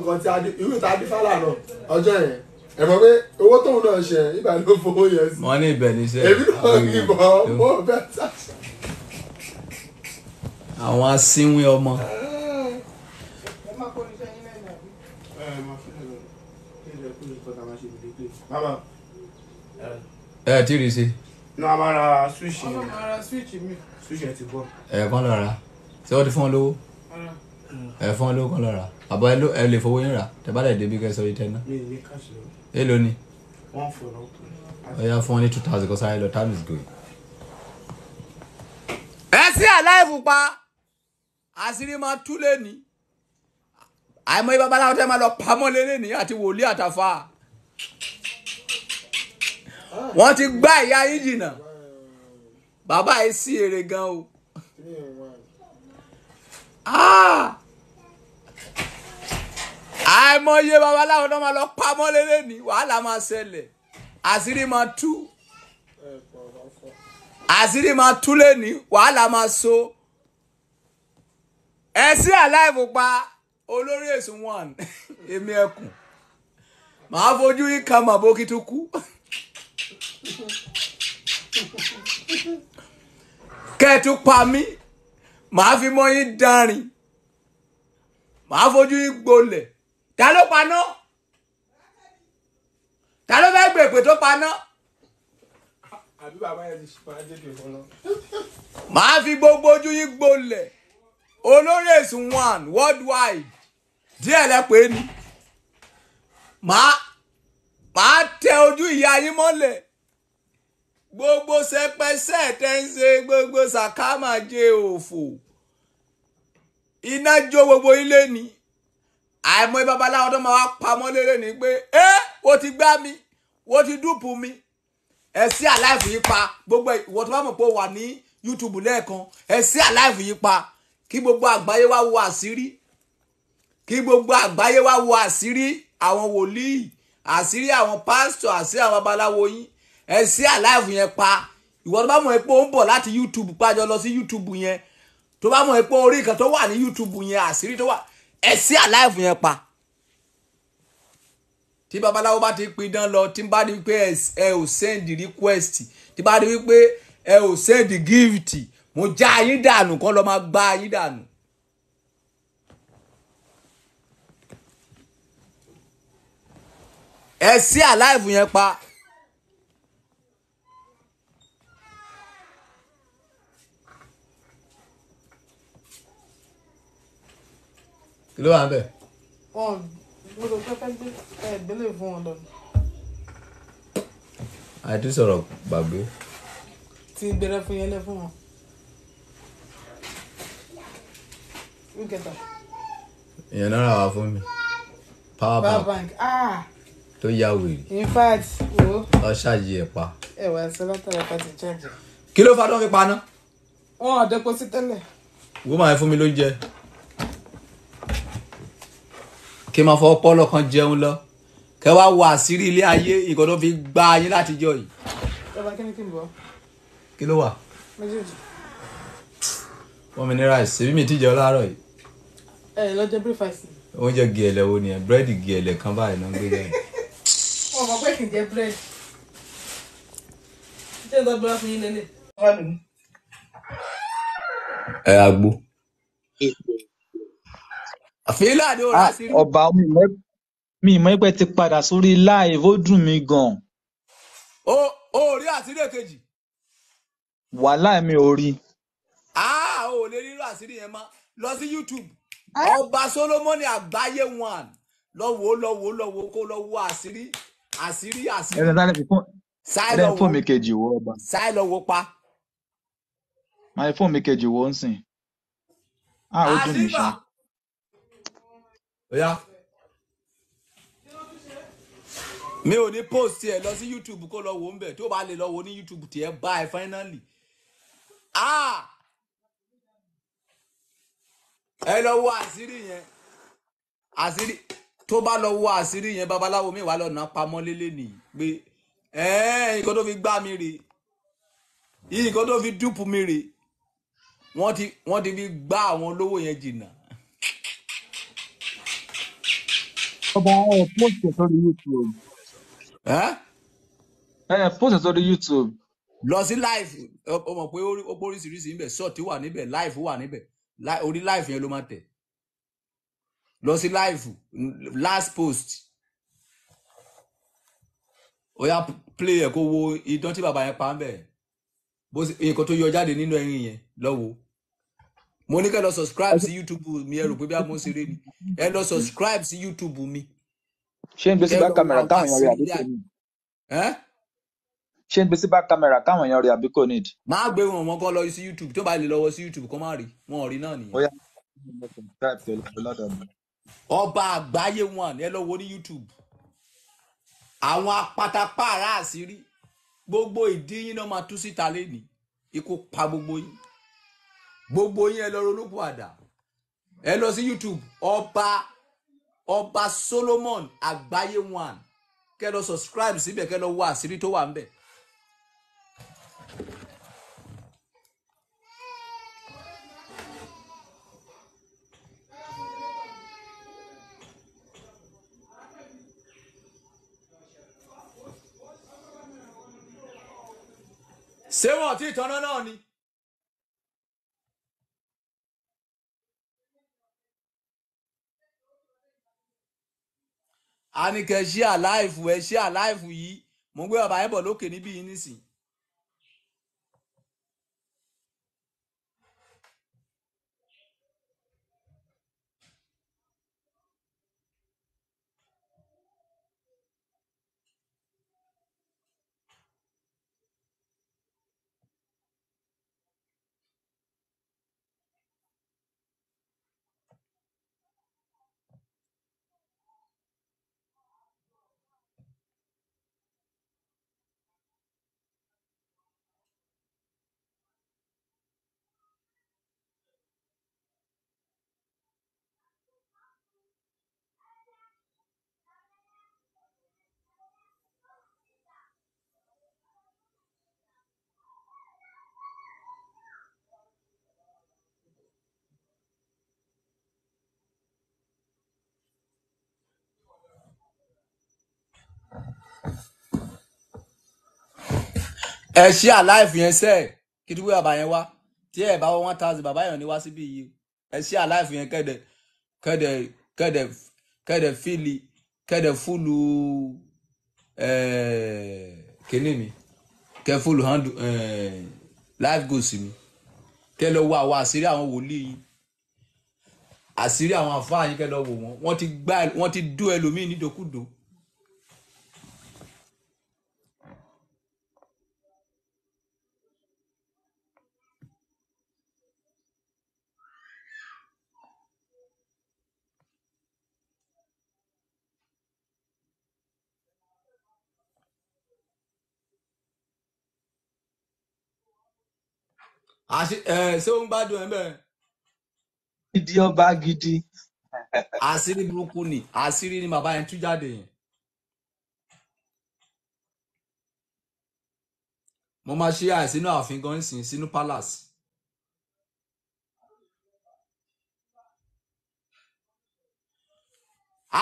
nǹkan tí adé irú ìta adífálà náà ọjọ́ yẹn ẹ mọ̀ pé owó tóun náà ṣe ibà ló fowó yẹn sí. wọ́n ní ibẹ̀ níṣẹ́ èmi náà ìbọn mo bẹ́ẹ̀ sá. àwọn asínwín ọmọ. ẹ tí rí sí. ní a máa ra switch mi. a máa ra switch mi. switch ẹ ti bọ. ẹ kàn lọ ra ṣé wọ́n ti fún ọ lówó ẹ̀fọn ló kàn lọ́ra àbọ̀ ẹ lè fowó yín rà tẹ bá dẹ̀ débi kẹsọ̀ yìí tẹ́ná. èló ni. ọ̀yà fún ọ ní two thousand kó sáré lọ time is going. two sí àláìfù pa àṣírí a tú lẹ́ni àìmọye babaláwo tẹ́ máa lọ pamọ́ lẹ́ni àti wòlíì àtàfà wọ́n ti gbá ìyá yín jìnnà bàbá yìí sí èrè gan o. Ah! àìmọye babaláwo náà máa lọ pamọ́ lélẹ̀ ní wàhálà máa ṣẹlẹ̀ àṣírí máa tú àṣírí máa tú lẹ́ni wàhálà máa so ẹ sí àláìfò pa olórí èsùn one èmi ẹkùn màá fojú yín kan màbó kí tó kú kẹ́ẹ̀tù pa mí màá fi mọ́ yín dánrin màá fojú yín gbolẹ̀ ta ló paná ta ló fẹ́ gbèpè tó paná. àbí bàbá yẹn ti máa débè fún màá fi gbogbo ojú yín gbolẹ̀ olórí èsùn one worldwide díẹ̀ lẹ́pẹ́ ni màá màá tẹ ojú ìyá yín mọ́lẹ̀ gbogbo sẹpẹsẹ tẹ́ ń ṣe gbogbo sàkámàjẹ òfò iná jó gbogbo ilé ni àìmọye babaláwo tó máa wá pamọ́ lérè ní pé ẹ eh, wo ti gbá mi wo ti dúpù mi ẹ sí àláìfù yìí pa gbogbo ìwọ tó bá mọ̀ pé ó wà ní YouTube lẹ́ẹ̀kan ẹ sí àláìfù yìí pa kí gbogbo àgbáyé wá wo àṣírí kí gbogbo àgbáyé wá wo àṣírí àwọn wòlíì àṣírí àwọn pásítọ̀ àṣírí àwọn babaláwo yín ẹ sí àláìfù yẹn pa ìwọ tó bá mọ̀ pé ó ń bọ̀ láti YouTube pàjọ lọ sí YouTube yẹn tó bá mọ̀ pé orí kan tó wà ní YouTube yẹn àṣírí tó wà ẹ sí àláìfù yẹn pa tí babaláwo bá ti pin dán lọ tí n bá rí pé ẹ ò send request tí bá rí pé ẹ ò send gift mo já yín dànù kọ́ lọ́ máa gbá yín dànù. ẹ sí yẹn pa kí ló wà ń bẹ̀. wọn mo rò pé fẹ́ gbé ẹ̀ẹ́dẹ́lẹ̀ fún wọn lọ. àìtú sọ̀rọ̀ gbàgbé. ti gbẹrẹ fún yẹn lẹ fún wọn. wíkẹ̀tà. ìyẹn náírà wà fún mi power bank. bank. Ah. tó yá wèrè. in fact wo. ọ ṣáàjì ẹ pa. ẹ wà sí látara pàtì jẹjẹ. kí ló fa tó ń fi paná. wọn ò dẹ́pọ̀ sí tẹ́lẹ̀. wọ́n máa fún mi lóúnjẹ kí n máa fọ ọpọlọ kan jẹun lọ kẹ wá wọ àṣírí ilé ayé nǹkan tó fi gba ayé láti jọ yìí. ìjọba kí ni kí n bọ. kí ló wà. méjèèjì. wọ́n mi ní rice èmi mi ti jẹun láàárọ̀ yìí. ẹ lọ́jọ́ breakfast. oúnjẹ gẹ̀ẹ́lẹ̀ wo ni ẹ búrẹ́dì gẹ̀ẹ́lẹ̀ kan báyìí náà gbé jáde. wọn mọ pé kì í jẹ búrẹ́dì. ṣé ìjọba gbọ́dọ̀ fún yín lélẹ̀. ẹ agbo àfẹ́lá ni ó rà sí. ọba mi ìmọ̀ ẹgbẹ́ ti padà sórí live ó dùn mí gan-an. ó ó rí àṣírí èkejì. wàhálà mi ò rí. a ah, ò lè rí àṣírí yẹn mọ́ lọ sí YouTube ah. ọba Solomoni àgbáyé one lọ́wọ́ lọ́wọ́ lọ́wọ́ kó lọ́wọ́ àṣírí àṣírí àṣírí. ẹ̀rọ ìdálẹ́ fi fún ẹ̀rọ fún mi kejì wo ọba. sáì lọ wo pa. máa fún mi kejì wo ń sìn. a ah, ò ọ̀yá mi ò ní post ẹ lọ sí youtube kó lọ wò ń bẹ tó bá lè lọ wò ní youtube tiẹ bá finally ah ẹ lọ wo àṣírí yẹn àṣírí tó bá lọ wo àṣírí yẹn babaláwo mi wà lọ́nà pamọ́ lélẹ̀ nìyí pé nǹkan tó fi gbá mi rè nǹkan tó fi dúpù mi rè wọ́n ti fi gbá àwọn olówó yẹn jìnnà Ọba ẹ post ẹ̀ sórí YouTube. Ẹ́ Eh, post ẹ̀ sórí YouTube. Lọ sí live ó mọ̀ pé ó póríṣiríṣi níbẹ̀ short wà níbẹ̀ live wà níbẹ̀ orí live yẹn ló máa tẹ̀. Lọ sí live last post. Ó yá play ẹ̀ kó wo idán tí bàbá yẹn pa ń bẹ̀. Bó ṣe nǹkan tó yọ jáde nínú ẹyin yẹn lọ́wọ́ mo ní kẹ́ lọ subscribe sí youtube mi ẹ rò pé bí amó ṣeré ni ẹ lọ subscribe sí youtube mi. ṣé ń gbé sí bá kámẹ́rà káwọn èèyàn rẹ̀ àbí kò ní. ṣé ń gbé sí bá kámẹ́rà káwọn èèyàn rẹ̀ àbí kò ní. máa gbé wọn wọn kọ lọ sí youtube tó bá lè lọ wọ sí youtube kó má rí wọn ò rí náà nìyẹn. ọba àgbáyé wọn ẹ lọ wo ní youtube àwọn apátápá àrà àṣírí gbogbo ìdí yín náà máa tú síta lẹ́nìí ikú pa gbogbo yín gbogbo yín ẹ lọ ronúkú àdá ẹ lọ sí YouTube ọba ọba Solomon àgbáyé one kẹ lọ subscribe síbẹ̀ kẹ lọ wá àṣírí tó wà ń bẹ̀. ṣé wọn ti tanná náà ni. a ní kẹ́ ṣí àláìfù ẹ ṣí àláìfù yìí mò ń gbé bàbá yẹn lókè níbí yìí nísìnyí ẹ ṣí àláìfù yẹn sẹ́ẹ̀ kí dúpẹ́ bàbá yẹn wá tí ẹ bá wọ one thousand bàbá yẹn ní wá síbí yìí ẹ ṣí àláìfù yẹn kẹ́dẹ̀ kẹ́dẹ̀ kẹ́dẹ̀ kẹ́dẹ̀ fíìlì kẹ́dẹ̀ fúlù kíní mi kẹ́ fúlù handu life goals mi kẹ́ lọ wo àwọn àṣírí àwọn wòlíì yìí àṣírí àwọn àfáà yín kẹ́ lọ wò wọ́n wọ́n ti gbá wọ́n ti dó ẹlòmíì nídòkúdò ṣé ó ń gbádùn ẹ bẹ́ẹ̀. gidi ọba gidi. àṣírí burúkú ni àṣírí ni bàbá yẹn tú jáde yẹn. mo máa ṣe àì sínú ààfin gan sìn sínú palace.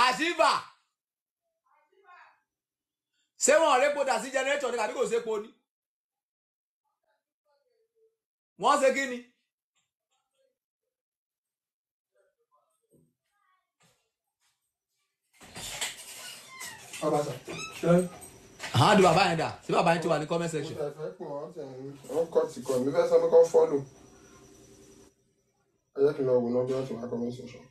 àṣìbà ṣé wọn ò répo dà sí jẹnẹrétọ̀ ni àbí kò sépo ni wọ́n ṣe kí ni. ọbaṣà ṣe. àwọn àdúrà bàbá yẹn dà sí bàbá yẹn ti wà ní comment section. mo fẹ́ pọ̀ wọ́n tẹ̀ mi fẹ́ sọ pé kọ́ fọ́ọ̀lù. náà bí wọ́n ti wà comment section.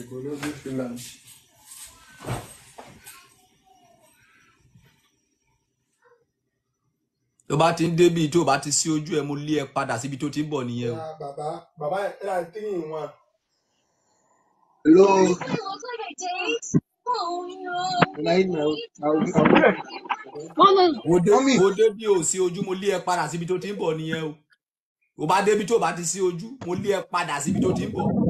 Egologo Finland. tó bá ti ń débi tó bá ti sí ojú ẹ mo lé ẹ padà síbi tó ti ń bọ̀ nìyẹn o. bàbá bàbá ẹ ra three in one. mo débi ò sí ojú mo lé ẹ padà síbi tó ti ń bọ̀ nìyẹn o. tó bá débi tó bá ti sí ojú mo lé ẹ padà síbi tó ti ń bọ̀.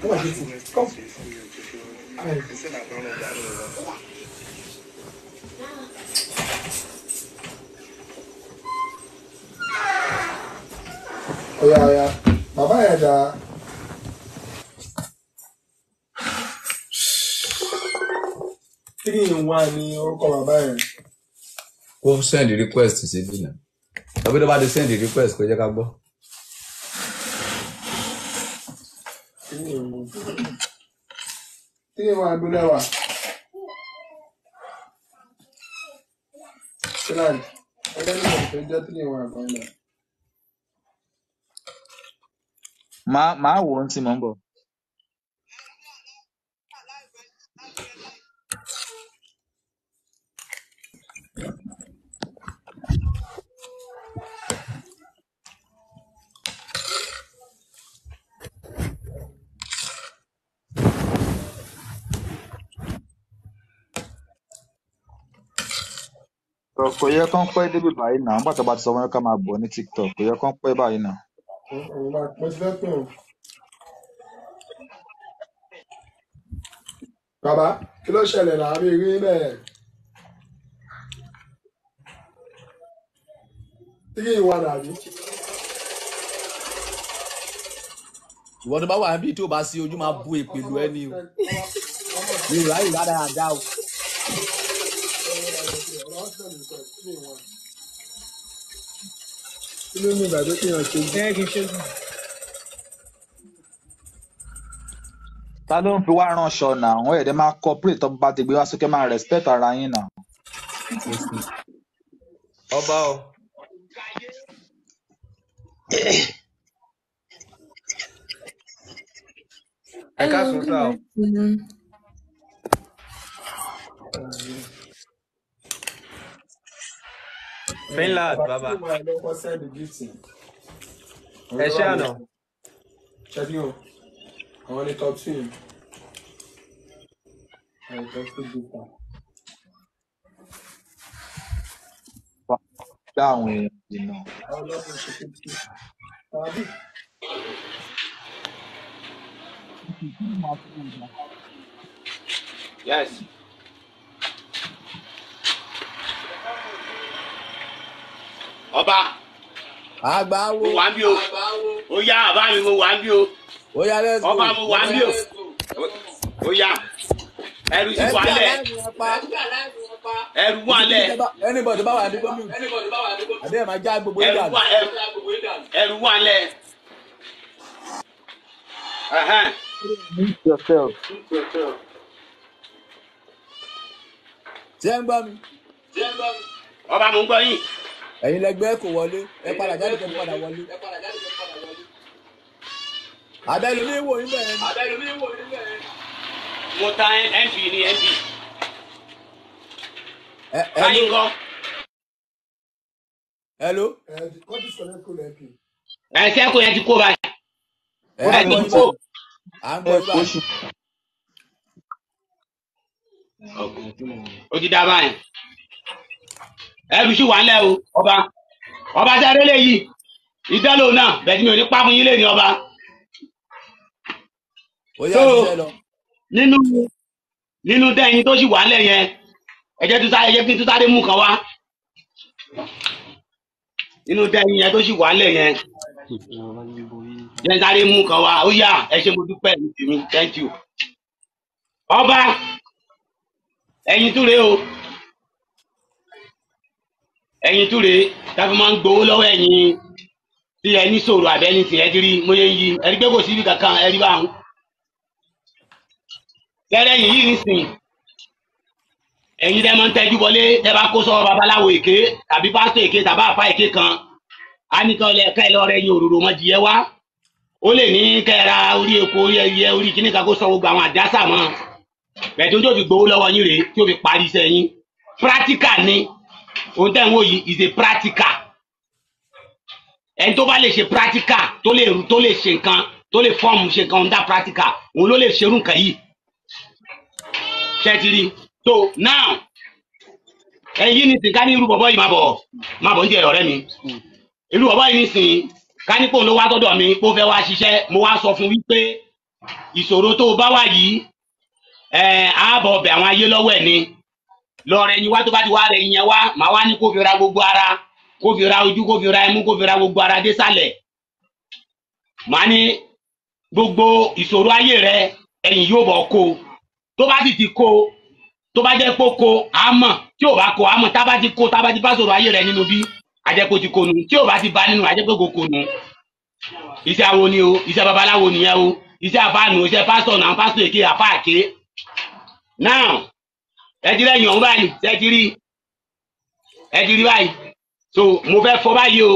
Come on, Jesse. Come. Allez. Oya oya, bàbá yẹn dáa. Three in one ni orúkọ bàbá yẹn. Ó send request sí bí náà. Tàbí tó bá ti send request kó jẹ́ ká gbọ́. Kí ni wàá gbé lẹ́wà? Kíláàdì, ọlọ́run ọ̀fẹ́ jẹ́ tí ni wàá gbọ́n náà. Màá kò yẹ kán pẹ́ débi báyìí náà nígbà tó bá ti sọ wọn ká máa bọ̀ ní tiktok kò yẹ kán pẹ́ báyìí náà. òun la pẹ́ sẹ́pẹ̀ o. bàbá kí ló ṣẹlẹ̀ láàrin rí bẹ́ẹ̀. tíkì ìwà dàbí. ìwọ tó bá wà níbi tí o bá sí ojú máa bu èpè lu ẹni o mi ò ráyè rárá dáa o. kí ló ní ìgbàgbé kí èèyàn ṣe jù. ẹ kì í ṣe jù. ta ló ń fi wá ránṣọ nà àwọn ẹ̀dẹ̀ máa cooperate tó bá ti gbé wá sókè máa respect ara yín nà. ọba o. ẹ ká sùn sáà o. Finland bàbá. ẹ ṣe àná. ṣẹ́ni o àwọn ni top two yìí. Dá àwọn èèyàn dènà. Yes. ọba àgbáwo mo wà ń bí o ó yá àbá mi mo wà ń bí o ọba mo wà ń bí o ó yá ẹrù sì wà lẹ ẹrù wà lẹ ẹrù wà ẹrù wà lẹ. Mute yourself. Mute yourself. Jẹ́ ń gbọ́ mi. Jẹ́ ń gbọ́ mi. Ọba mo ń gbọ́ yín ẹ̀yin lẹgbẹ́ kò wọlé ẹ padà jáde kó padà wọlé abẹ́lu ní ìwò yín bẹ́ẹ̀. abẹ́lu ní ìwò yín bẹ́ẹ̀. mo ta mp ní mp. ẹ ẹ ló káyín kọ́. hello. ẹ kọ́ ti sọ̀rọ̀ kó lẹ́ pè. ẹ sẹ́kù yẹn ti kó báyìí. ẹ ti kó. à ń gbọ́ báyìí. o ti dá báyìí ẹrù sì wà ńlẹ̀ o ọba ọba jáde léyìí ìdálò náà bẹ́ẹ̀ mi ò ní pápú yín léyìí ọba. so nínú nínú dẹ́yìn tó sì wà ńlẹ̀ yẹn ẹ jẹ́ tuta ẹ jẹ́ mú kan wá nínú dẹ́yìn yẹn tó sì wà ńlẹ̀ yẹn sáré mú kan wá ó yá ẹ ṣe mo dúpẹ́ mi thank you ọba ẹ̀yin túre o ẹ̀yin túre táfi máa ń gbowó lọ́wọ́ ẹ̀yin tí ẹ ní sòrò àbẹ́ ní tìyẹ́ ti rí mo yẹ yí ẹ̀rí pé kò síbi kankan ẹ̀rí bá ń. lẹ́rẹ́ yìí yìí nìsín ẹ̀yin tẹ́ máa ń tẹ́jú wọlé tẹ́ bá kó sọ́wọ́ babaláwo èké tàbí pásítọ̀ èké tàbí àfa èké kan á ní kọ́ ẹ̀ka ẹ̀ lọ́rẹ́ yín òróró mọ́ jìyẹ wá ó lè ní kẹ́ra orí epo orí ẹyẹ orí kíní kan kó sọ gbogbo àwọn àdásà mọ́ bẹ̀tún tó fi gbowó lọ́wọ́ yín rèé tó fi parí iṣẹ́ yín practical ni ohun tẹ́ ń wò yìí is a practical ẹni tó bá lè ṣe practical tó lè tó lè ṣe nǹkan tó lè fọ́ọ̀mù ṣe nǹkan under practical òun ló lè ṣerú nǹkan yìí ṣẹ́tìrì so now ẹ̀yin ní sìn ká ní irú bọ̀bọ̀ yìí máa bọ̀ máa bọ̀ ń jẹ ọ̀rẹ́ mi irú bọ̀bọ̀ yìí ní sìn ká ní kóun ló wá tọ́dọ̀ mi kó fẹ́ wá ṣiṣẹ́ mo wá sọ fún wípé ìṣòro tó o bá wà yìí ẹ̀ á bọ̀ bẹ̀ àwọn ayé lọ́wọ́ ẹ̀ ni lọ rẹ yín wá tó bá ti wá rẹ yín wá màá wá ní kó fi ra gbogbo ara kó fi ra ojú kó fi ra imú kó fi ra gbogbo ara dé sálẹ̀ màá ní gbogbo ìṣòro ayé rẹ ẹ̀yìn yóò bọ̀ kó tó bá sì ti kó tó bá jẹ́ pé kó àmọ̀ tí ò bá kó àmọ̀ tá bá ti kó tá bá ti bá ṣòro ayé rẹ nínú bí àjẹpọ̀ ti kó nu tí ò bá ti bá nínú àjẹpọ̀ kò kó nu iṣẹ́ awo ni o iṣẹ́ babaláwo nìyẹn o iṣẹ́ àfáànù iṣẹ́ pásítọ̀ náà pásítọ̀ èké àfáàké now ẹ ti rẹyìn ọ̀hún báyìí ṣe ti rí ẹ ti rí báyìí so mo fẹ́ fọ báyìí o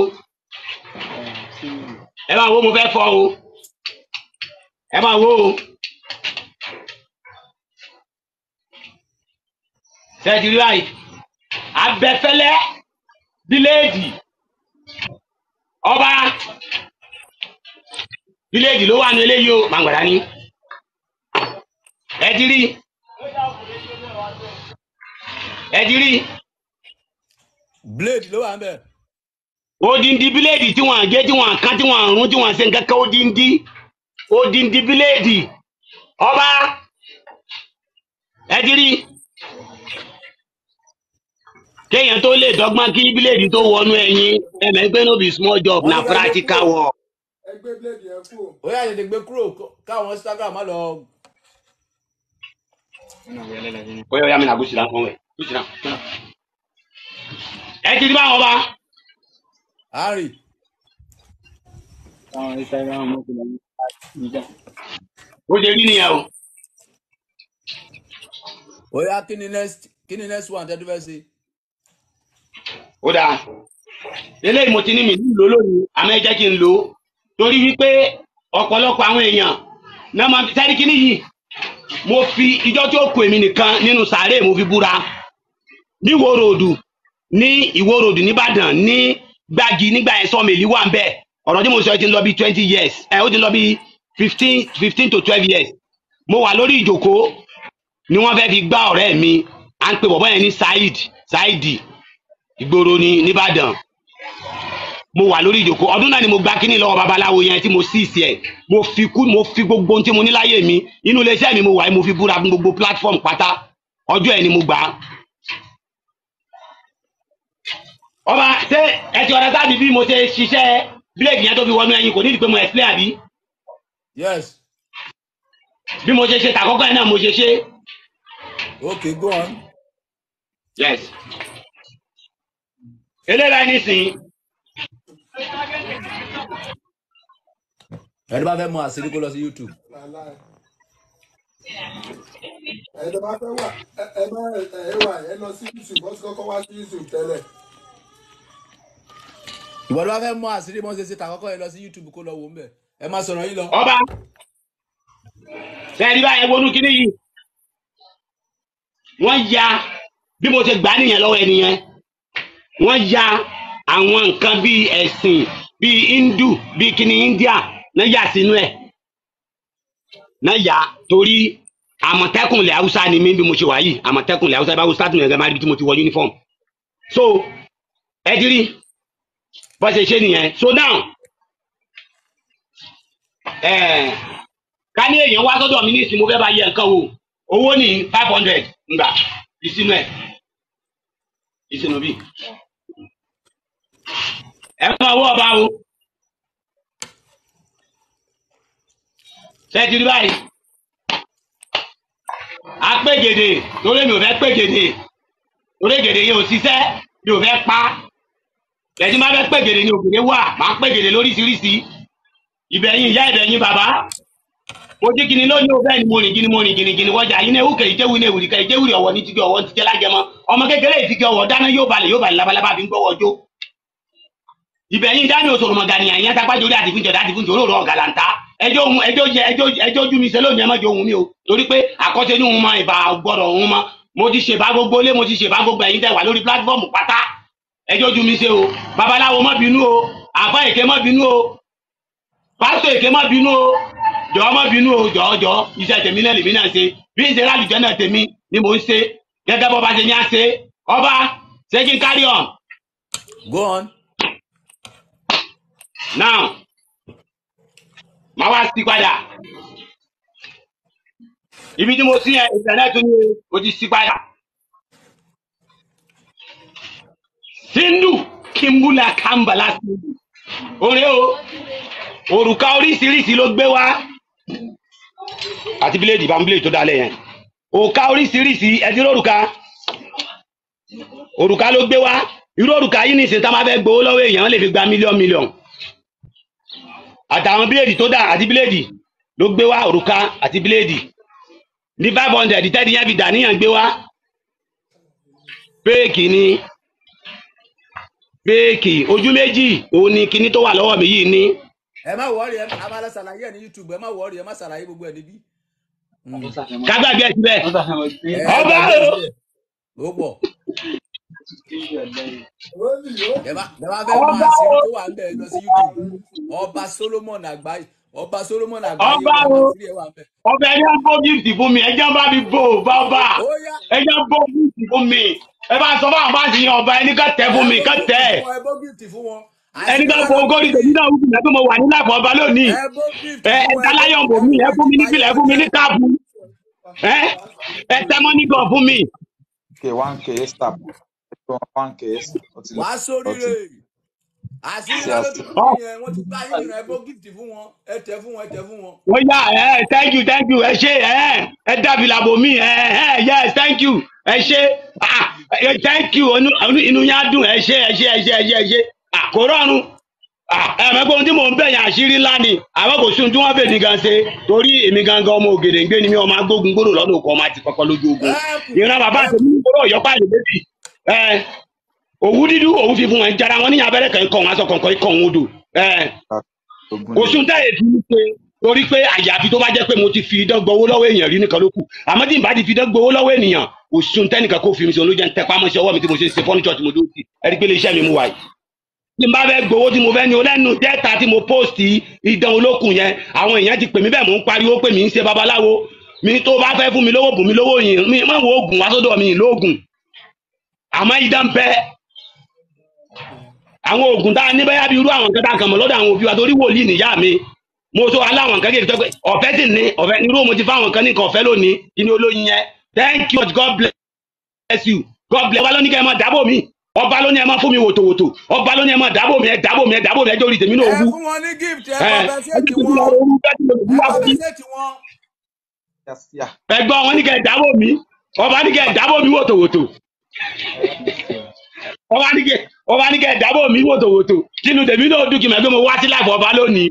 ẹ máa wo mo fẹ́ fọ o ẹ máa wo o ṣe ti rí báyìí abẹfẹlẹ bíléèdì ọba bíléèdì ló wà ní eléyìí o màgbàdá ni ẹ ẹ ti rí. blade odindi bíléèdì tí wọ́n gé tí wọ́n tí tí odindi odindi bíléèdì ọba ẹ ti rí. kéèyàn tó lè dọ́gbọ́n kí bíléèdì tó wọnú no be small job na practical work. ẹ gbé kúrò. ó Instagram má lọ. ẹ ti di báwọn ọba. ari. ó ṣe rí nìyẹn o. oya kí ni next kí ni next one tẹ́tí fẹ́ ṣe. ó dáa eléyìí mo ti ní mi nílò lónìí àmọ́ ẹ jẹ́ kí n lò ó torí wípé ọ̀pọ̀lọpọ̀ àwọn èèyàn náà máa ń sẹ́ríkì nìyí mo fi ìjọ tí ó kù èmi nìkan nínú sàárè mo fi búra ní ìwó ròdù ní ìwó ròdù nìbàdàn ní gbági nígbà yẹn sawmill wà ń bẹ̀ ọ̀rọ̀ tí mo sọ yìí ti lọ bí twenty years ẹ ó ti lọ bí fifteen fifteen to twelve years mo wà lórí ìjókòó ni wọ́n fẹ́ fi gbá ọ̀rẹ́ mi à ń pè bọ̀bọ́ yẹn ní Saheed Saheed ìgboro ni nìbàdàn mo wà lórí ìjókòó ọdún náà ni mo gba kínní lọ́wọ́ babaláwo yẹn tí mo sì sí ẹ̀ mo fi kú mo fi gbogbo ohun tí mo ní láyé mi inú iléeṣẹ́ mi mo wà yìí mo fi búra fún gbogbo platform pátá ọjọ́ ẹ̀ ni mo gbà á ọba ṣé ẹ ti ọ̀rẹ́ sáàbì bí mo ṣe ṣiṣẹ́ bíléèdì yẹn tó fi wọnú ẹyin kò ní ìdí pé mo explain àbí. yes. bí mo ṣe ṣe tàkọ́kọ́ yẹn náà mo ṣe ṣe. okay go on. yes. eléyìí láì nísìnyí. ẹni bá fẹ́ mọ àṣírí kó lọ sí youtube. ẹni bá fẹ́ wà ẹ bá ẹ wà ẹ lọ sí youtube bọ́sí kọ́kọ́ wá sí youtube tẹ́lẹ̀ ìwọ ló wá fẹ́ mọ àṣírí mọ́ ṣe ṣe tàkọ́kọ́ lọ sí YouTube kó lọ wò ń bẹ̀ ẹ má sọ̀rọ̀ yín lọ. ọba sẹ́ẹ̀rí báyẹn wọnú kínní yìí wọ́n ya bí mo ṣe gbà nìyẹn lọ́wọ́ ẹnìyẹn wọ́n ya àwọn nǹkan bíi ẹ̀sìn bíi Hindu bíi kínní India náà yà sínú ẹ̀ náà yà torí àmọ̀tẹ́kùn ilẹ̀ haúsá ni mí bí mo ṣe wà yìí àmọ̀tẹ́kùn ilẹ̀ haúsá ìbáwo sátúnyẹ̀gẹ́ máa rí bí mo ti wọ uniform so ẹ ti rí bọ́n ṣe ṣe nìyẹn so now ká ní èèyàn wá sọ́dọ̀ mi ní ìsìn mo fẹ́ bá yẹ nǹkan wò owó ní five hundred ngbà ìsinú ẹ̀ ìsinú bí ẹ máa wọ ọba o ṣe ti rí báyìí a pé gèdè lórí mi ò fẹ́ pé gèdè lórí gèdè yìí ò ṣiṣẹ́ mi ò fẹ́ pa bẹ́ẹ̀ tí máa fẹ́ pẹ̀gẹ̀dẹ̀ ni ògèdè wà máa pẹ̀gẹ̀dẹ̀ lóríṣiríṣi ìbẹ̀yìn ìyá ìbẹ̀yìn bàbá mo jí kini lónìí o bẹ́ẹ̀ ni mo rìn kini mo rìn kini kini wọ́jà yín náà ewúkẹ́ ìjẹ́wì náà ewúrì ká ìjẹ́wì rẹ̀ ọ̀wọ́ ní ti di ọ̀wọ́ ti jẹ́ lájẹmọ́ ọmọ kékeré ìdíje ọ̀wọ́ dáná yóò balẹ̀ yóò balẹ̀ labalábá fi ń gbọ́wọ́ jó ìbẹ̀yìn dáná òṣòro mọ̀gà nìyà yẹn tápá jórí àdìgúnjọ àdìgúnjọ olóòrò ọ̀gà làǹtà ẹjọ́ ohun ẹjọ́ jẹ ẹjọ́ ẹjọ́ ojú mi ṣe lónìí ẹ má jẹ ohun mi o torí pé àkọ́ṣe ní òun mọ ìbà gbọ́dọ̀ òun mọ mo ti ṣèbá gbogbo lé mo ti ṣèbá gbogbo ẹ̀yin tẹ̀ wà lórí pátá ẹjọ́ ojú mi ṣe o babaláwo má bínú o àbá èké má bínú o pásítọ̀ èké má bínú o jọ̀ọ́ má bínú o jọ̀ọ́ jọ̀ọ́ iṣẹ́ tèmi náà lèmi náà ṣe bí ń ṣe lálùjọ náà tèmi ni mò ń ṣe gẹ́gẹ́ bó bá ṣe ní à ọba ṣé kí n go on. now màá wá sí padà ibi tí mo sí yẹn ìṣẹ̀lẹ̀ tún ni mo ti sí padà. Síndu Kimbula Kambala Síndu. Oore o, òrùka oríṣiríṣi ló gbé wá. Àti bíléèdì bá ń bíléèdì tó dalẹ̀ yẹn. Òka oríṣiríṣi ẹtí lórúka. Òrùka ló gbé wá. Irú òrùka yìí nìsín tá a máa fẹ́ gbowó lọ́wọ́ èèyàn lè fi gba mílíọ̀n mílíọ̀n. Àtàwọn bíléèdì tó dà àti bíléèdì ló gbé wá òrùka àti bíléèdì. Ní five hundred tẹ́ẹ̀dì yẹn fi dà níyàn gbé wá. Péèkì ni béèkì ojú méjì òun ni kinní tó wà lọ́wọ́ mi yìí ní. ẹ má wọrí ẹ má máa ṣàlàyé ẹ ní YouTube ẹ má wọrí ẹ má ṣàlàyé gbogbo hmm. ẹ níbí. kágbàgbé ẹ síbẹ̀ ọba o. ó pọ̀. ẹ má fẹ́ máa ṣe tó wà ń bẹ̀ lọ sí YouTube ọba Solomon àgbáyé ọba solomon àgbáyé ọba o ọba ẹjẹ bó gift fún mi ẹjẹ bá mi bò bàbá ẹjẹ bó gift fún mi ẹ bá sọ fún àwọn fáǹsì yẹn ọba ẹni ká tẹ fún mi ká tẹ ẹ ẹni ká fọ ogórí tèmi náà wúkú lẹ́gbẹ̀ẹ́ mo wà ní láàbọ̀ ọba lónìí ẹ ẹ̀ta láyọ̀ bò mí ẹ fún mi ní fìlà ẹ fún mi ní káàbù ẹ ẹ tẹ mọ́ ní gan fún mi. wàá sórí rẹ̀ wọ́n yá ẹ thank you thank you ẹ ṣe ẹ ẹ dàbí yes thank you ẹ ṣe ah, thank you inú yẹn á dùn ẹ ṣe ẹ ṣe ẹ ṣe ẹ ṣe ẹ ṣe ah, kò rọrùn ah, ẹ mẹ́gbẹ́ ohun tí mò ń bẹ̀ yẹn àṣírí ńlá ni àwọn kò sún tí wọ́n fẹ́ mi gan ṣe torí èmi gangan ọmọ ògèdè ń gbé ni mi ọmọ agbógun gbòòrò lọ́dún òwú dídú òwú fífún ẹ̀ jara wọn ní abẹ́rẹ́ kan kọ̀ wọn aṣọ kọ̀ọ̀kan ikọ̀ wọn odò kò sún tá èdè ní pé torí pé àyàfi tó bá jẹ́ pé mo ti fi idán gbowó lọ́wọ́ èèyàn rí nìkan ló kù àmọ́ tí n bá ti fi idán gbowó lọ́wọ́ ènìyàn kò sún tẹ́nìkan kó fi mi sọ ló jẹ́ ń tẹpá mọ́ sí ọwọ́ mi tí mo ṣe ṣe fọ́nìṣọ́ tí mo dúró sí ẹ̀rí pé iléeṣẹ́ mi mú wáyé tí n bá fẹ́ gbowó tí mo fẹ́ ní olẹ́nu dẹ́ta tí mo póòsì idán olókùn yẹn àwọn èèyàn ti pè mí bẹ́ẹ̀ mò ń pariwo pé mi ń ṣe babaláwo mi tó bá fẹ́ fún mi lówó bùn mi lówó yìí mi wo oògùn wá sódò mi lóògùn àmọ́ idán bẹ́ẹ̀ àwọn oògùn tá a ní báyà bí irú àwọn nǹkan tá a kàn mọ́ lọ́dọ̀ àwọn òbí wa torí wòlíì nìyá mi mo tó aláwọn nǹkan kéèké tó pé ọ̀fẹ́ ní ọ̀fẹ́ irú mo ti fáwọn nǹkan ní nǹkan ọ̀fẹ́ lónìí ìní olóyin yẹn thank you God bless you God bless wa lónìí kẹ́ ẹ máa dábò mi ọba lónìí ẹ máa fún mi wòtòwòtò ọba lónìí ẹ máa dábò mi ẹ dábò mi ẹ dábò mi ẹ jórí tèmi náà wú. ẹ wọn ní gift dábò mi ọba ní kẹ́ dábò mi wòtòwòtò ọba ní kẹ́ ó wá ní kẹ́ ẹ̀ dábò mi wòtòwòtò kínú tèmi náà dùn kí n máa gbé mo wá sí láàbọ̀ ọba lónìí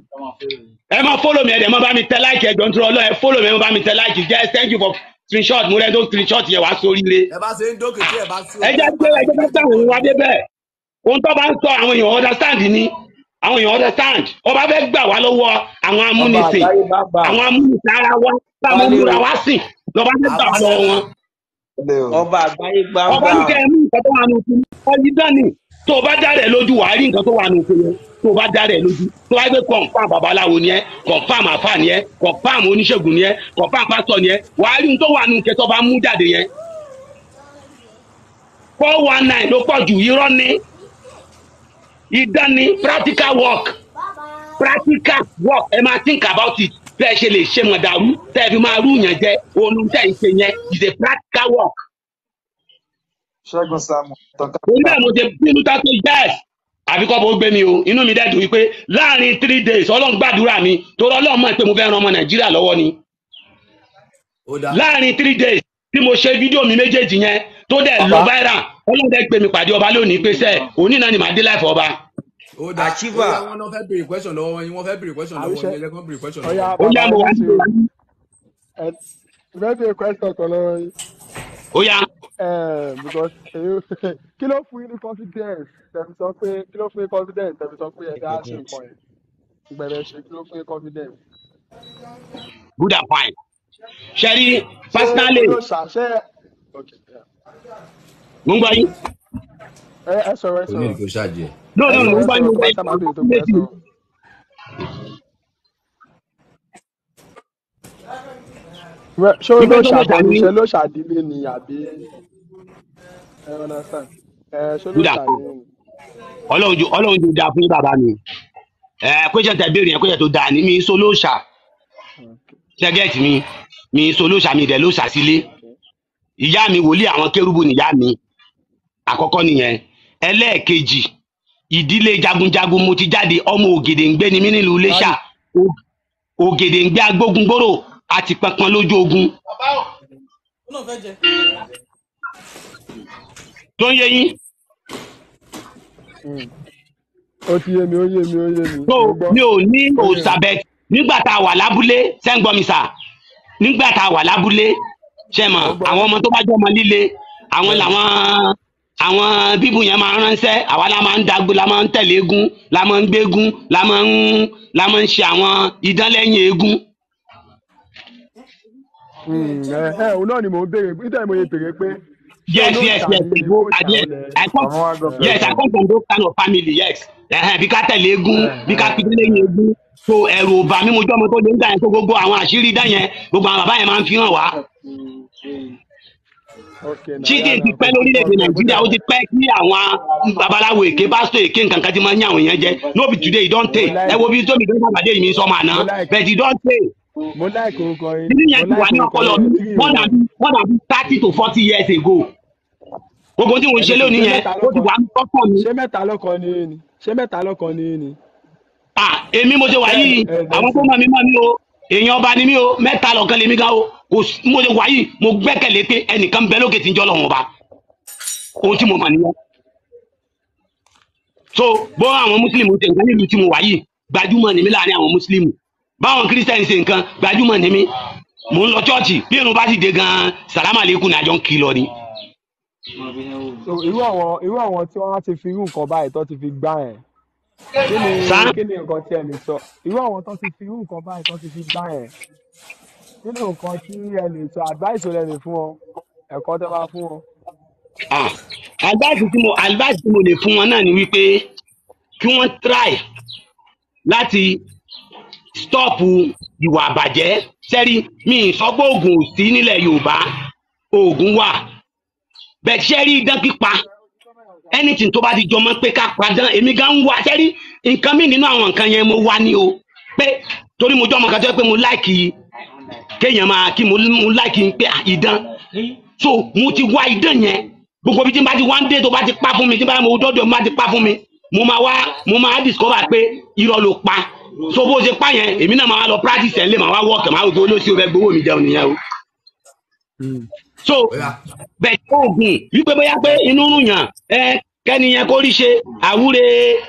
ẹ máa fọ́lọ̀ mi ẹ̀ dẹ̀ máa bá mi tẹ láìkì ẹ̀jọ̀ ń tún ọlọ́ ẹ fọ́lọ̀ mi ẹ̀ máa bá mi tẹ láìkì jẹ́ thank you for screenshot mo rẹ́ tó screenshot yẹn wá sórí ilé. ẹ bá ṣe ń dókè tí ẹ bá ṣe. ẹ jẹ́ pé ẹ jẹ́ pé táwọn òun wá dé bẹ́ẹ̀ ohun tó bá ń sọ àwọn èèyàn understand ni àwọn èèyàn understand ọba fẹ́ gbà wá lọ́wọ́ àwọn amúnisìn àwọn amúnisìn ara wa táwọn múra wá sìn lọ́ba fẹ́ gbà wá lọ́wọ́ wọn. ọba àgbáyé gbàgbà ọba ní kẹ́ ẹ mú ìkọ́tọ́ àwọn ọmọ tó o bá dára ẹ lójú wàá rí nǹkan tó wà ní oko tó o bá dára ẹ lójú tó wáá gbé kọ̀ǹpáàm babaláwo ni ẹ kọ̀ǹpáàm àfà ni ẹ kọ̀ǹpáàm oníṣègùn ni ẹ kọ̀ǹpáàm pásítọ̀ ni ẹ wàá rí nǹkan tó wà ní oko bá mú jáde yẹn four one nine ló pọ̀ jù irọ́ ni ìdán practical work practical work ẹ máa think about it bẹ́ẹ̀ ṣe lè ṣe mọ̀dàrú tẹ́ẹ̀ fi máa rú yàn jẹ ohun yẹn is a practical work ṣẹ́gun samu. nígbà mo ṣe bínú tá yes àfi bó gbé mi o inú mi dẹ́dùn wípé láàrin three days ọlọ́run gbàdúrà mi torí ọlọ́run mọ̀ pé mo fẹ́ ran ọmọ nàìjíríà lọ́wọ́ ni. láàrin three days tí mo ṣe fídíò mi méjèèjì yẹn tó dẹ̀ lọ viral ọlọ́run dẹ̀ gbé mi pàdé ọba lónìí pé sẹ́ẹ̀ òní náà ni màá dé láìfọ̀ ọba ó dá àṣìfà ó wọn fẹ́ bèrè question lọ́wọ́ yín wọ́n fẹ́ bèrè question lọ́wọ́ yín ẹlẹ́kàn bèrè question lọ́wọ́ yín. Eh, because you ló fún yín confidence tẹ̀mí sọ pé kí ló fún confidence tẹ̀mí sọ pé ẹ̀dá ṣe point. yẹn ìgbẹ̀rẹ̀ ṣe kí ló fún confidence. good at fine ṣẹ́rí personally. ṣé ṣàṣẹ. mo ń gbọ́ yín. ẹ ẹ sọ̀rọ̀ ẹ sọ̀rọ̀. no no no mo ń gbọ́ yín mo ń gbọ́ yín. ṣé ló ṣàdílé ni àbí. Eh, ọlọ́run jò ọlọ́run jò dáa fún bàbá mi eh, question tẹ béèrè yẹn question tó dáa ni mi sọ lóòṣà target mi mi sọ lóòṣà mi dẹ̀ lóòṣà sílé ìyá mi wòlíì àwọn kérúbù nìyá mi àkọ́kọ́ nìyẹn ẹlẹ́ẹ̀kejì ìdílé jagunjagun mo ti jáde ọmọ Ògèdèngbé ni mí nílùú Iléṣà Ògèdèngbé agbógungbòrò àti pọnpọn lójú ogun tó ń yé yín. Hmm. ó ti yé mi ó yé mi ó yé mi. mi ò ní òsàbẹ nígbà tá a wà lábúlé sẹ́ńgbọ́mísà nígbà tá a wà lábúlé sẹ́mọ̀ àwọn ọmọ tó bá jẹ́ ọmọ líle àwọn làwọn àwọn bíbù yẹn máa ń ránṣẹ́ àwa la máa ń dagbo la máa ń tẹ̀lé eégún la máa ń gbégún la máa ń la máa ń ṣe àwọn idán lẹ́yìn eégún ẹ hmm, ẹ òun náà ni mò ń béèrè nítorí mo yẹ béèrè pé yes yes yes ego yes i come yes i come from those kind of family yes bí ká tẹ̀lé egun bí ká fi egun so ẹ̀rù ò bà mí mo jọ́ ọmọ tó lé nígbà yẹn tó gbogbo àwọn àṣírí dá yẹn gbogbo àwọn bàbá yẹn máa ń fi hàn wá. chidi ti pẹ́ lórílẹ̀‐èdè nàìjíríà ó ti pẹ́ kí àwọn babaláwo èké pásítọ̀ èké nǹkan kan ti máa ń yàn àwọn èèyàn jẹ no be today you don tey ẹ wo bí tóbi gbẹ́sà pàdé yìí mi sọ màá ná but you don tey mo láìkó kọrin mo láìkó kọrin mo láìkó kọrin more than thirty to forty years ago gbogbo tí mo ń ṣe lónìí yẹn ó ti wà ní kọ́kọ́ mi. ṣé mẹ́ta lọ́kàn ni ni ṣé mẹ́ta lọ́kàn ni ni. à èmi mo ṣe wà yìí àwọn tó mọ̀ mí mọ̀ mí o èèyàn ọba ni mí o mẹ́ta lọ́kàn lèmi gan o kò mo ṣe wà yìí mo gbẹ́kẹ̀lé pé ẹnìkan bẹ lókè tí ń jọ́ lọ́wọ́n ọba ohun tí mo mọ̀ nìyẹn. so bó àwọn mùsùlùmí ṣe nǹkan nílùú tí mo wà yìí gbajúmọ̀ ni mí láàrin àwọn mùsùlùmí báwọn kírísítẹ́nì ṣe nǹkan gbajúmọ̀ ni mí mò ń lọ chọ́ọ̀chì bí irun bá sì dé gan-an sàlámà lẹ́kùn ní àjọ ń kí lọ ni so irú àwọn irú àwọn tí wọ́n á ti fi irú nǹkan báyìí tó ti fi gbá yẹn kí ni kí ni nǹkan tí ẹ lè sọ irú àwọn tó ti fi irú nǹkan báyìí tó ti fi gbá yẹn kí ni nǹkan tí ẹ lè sọ advice rẹ lè fún wọn ẹ̀kọ́ tó bá fún wọn. Ah, advice tí mo advice tí mo lè fún wọn náà ni wípé kí wọ́n try láti stop ìwà àbàjẹ́ sẹ́rí mi ìsọgbó sí nílẹ̀ Yorùbá oògùn wà bẹ̀ẹ̀ ṣe rí idán pípa anything tó bá ti jọmọ́ pé ká padán èmi gan ń wá ṣe rí nǹkan mí nínú àwọn nǹkan yẹn mo wá ní o pé torí mo jọmọ kan pé mo láìkì kéèyàn máa kí mo láìkì pé ah, idán so mo ti wá idán yẹn gbogbo bí tí n bá ti wá ń dé tó bá ti pa fún mi tí n bá mo dọ́dọ̀ mo bá ti pa fún mi mo máa wá mo máa discover pé irọ́ ló pa so bó ṣe pa yẹn èmi náà máa lọ practice ẹ̀ lé màá wá wọ́ọ̀kì màá wò pé olóṣèlú fẹ́ gbowó mi jẹun nìyẹn o. Hmm so bẹ́ẹ̀ oògùn wípé bóyá pé inú ń yàn ẹ kẹ́niyẹn kó rí ṣe àwúre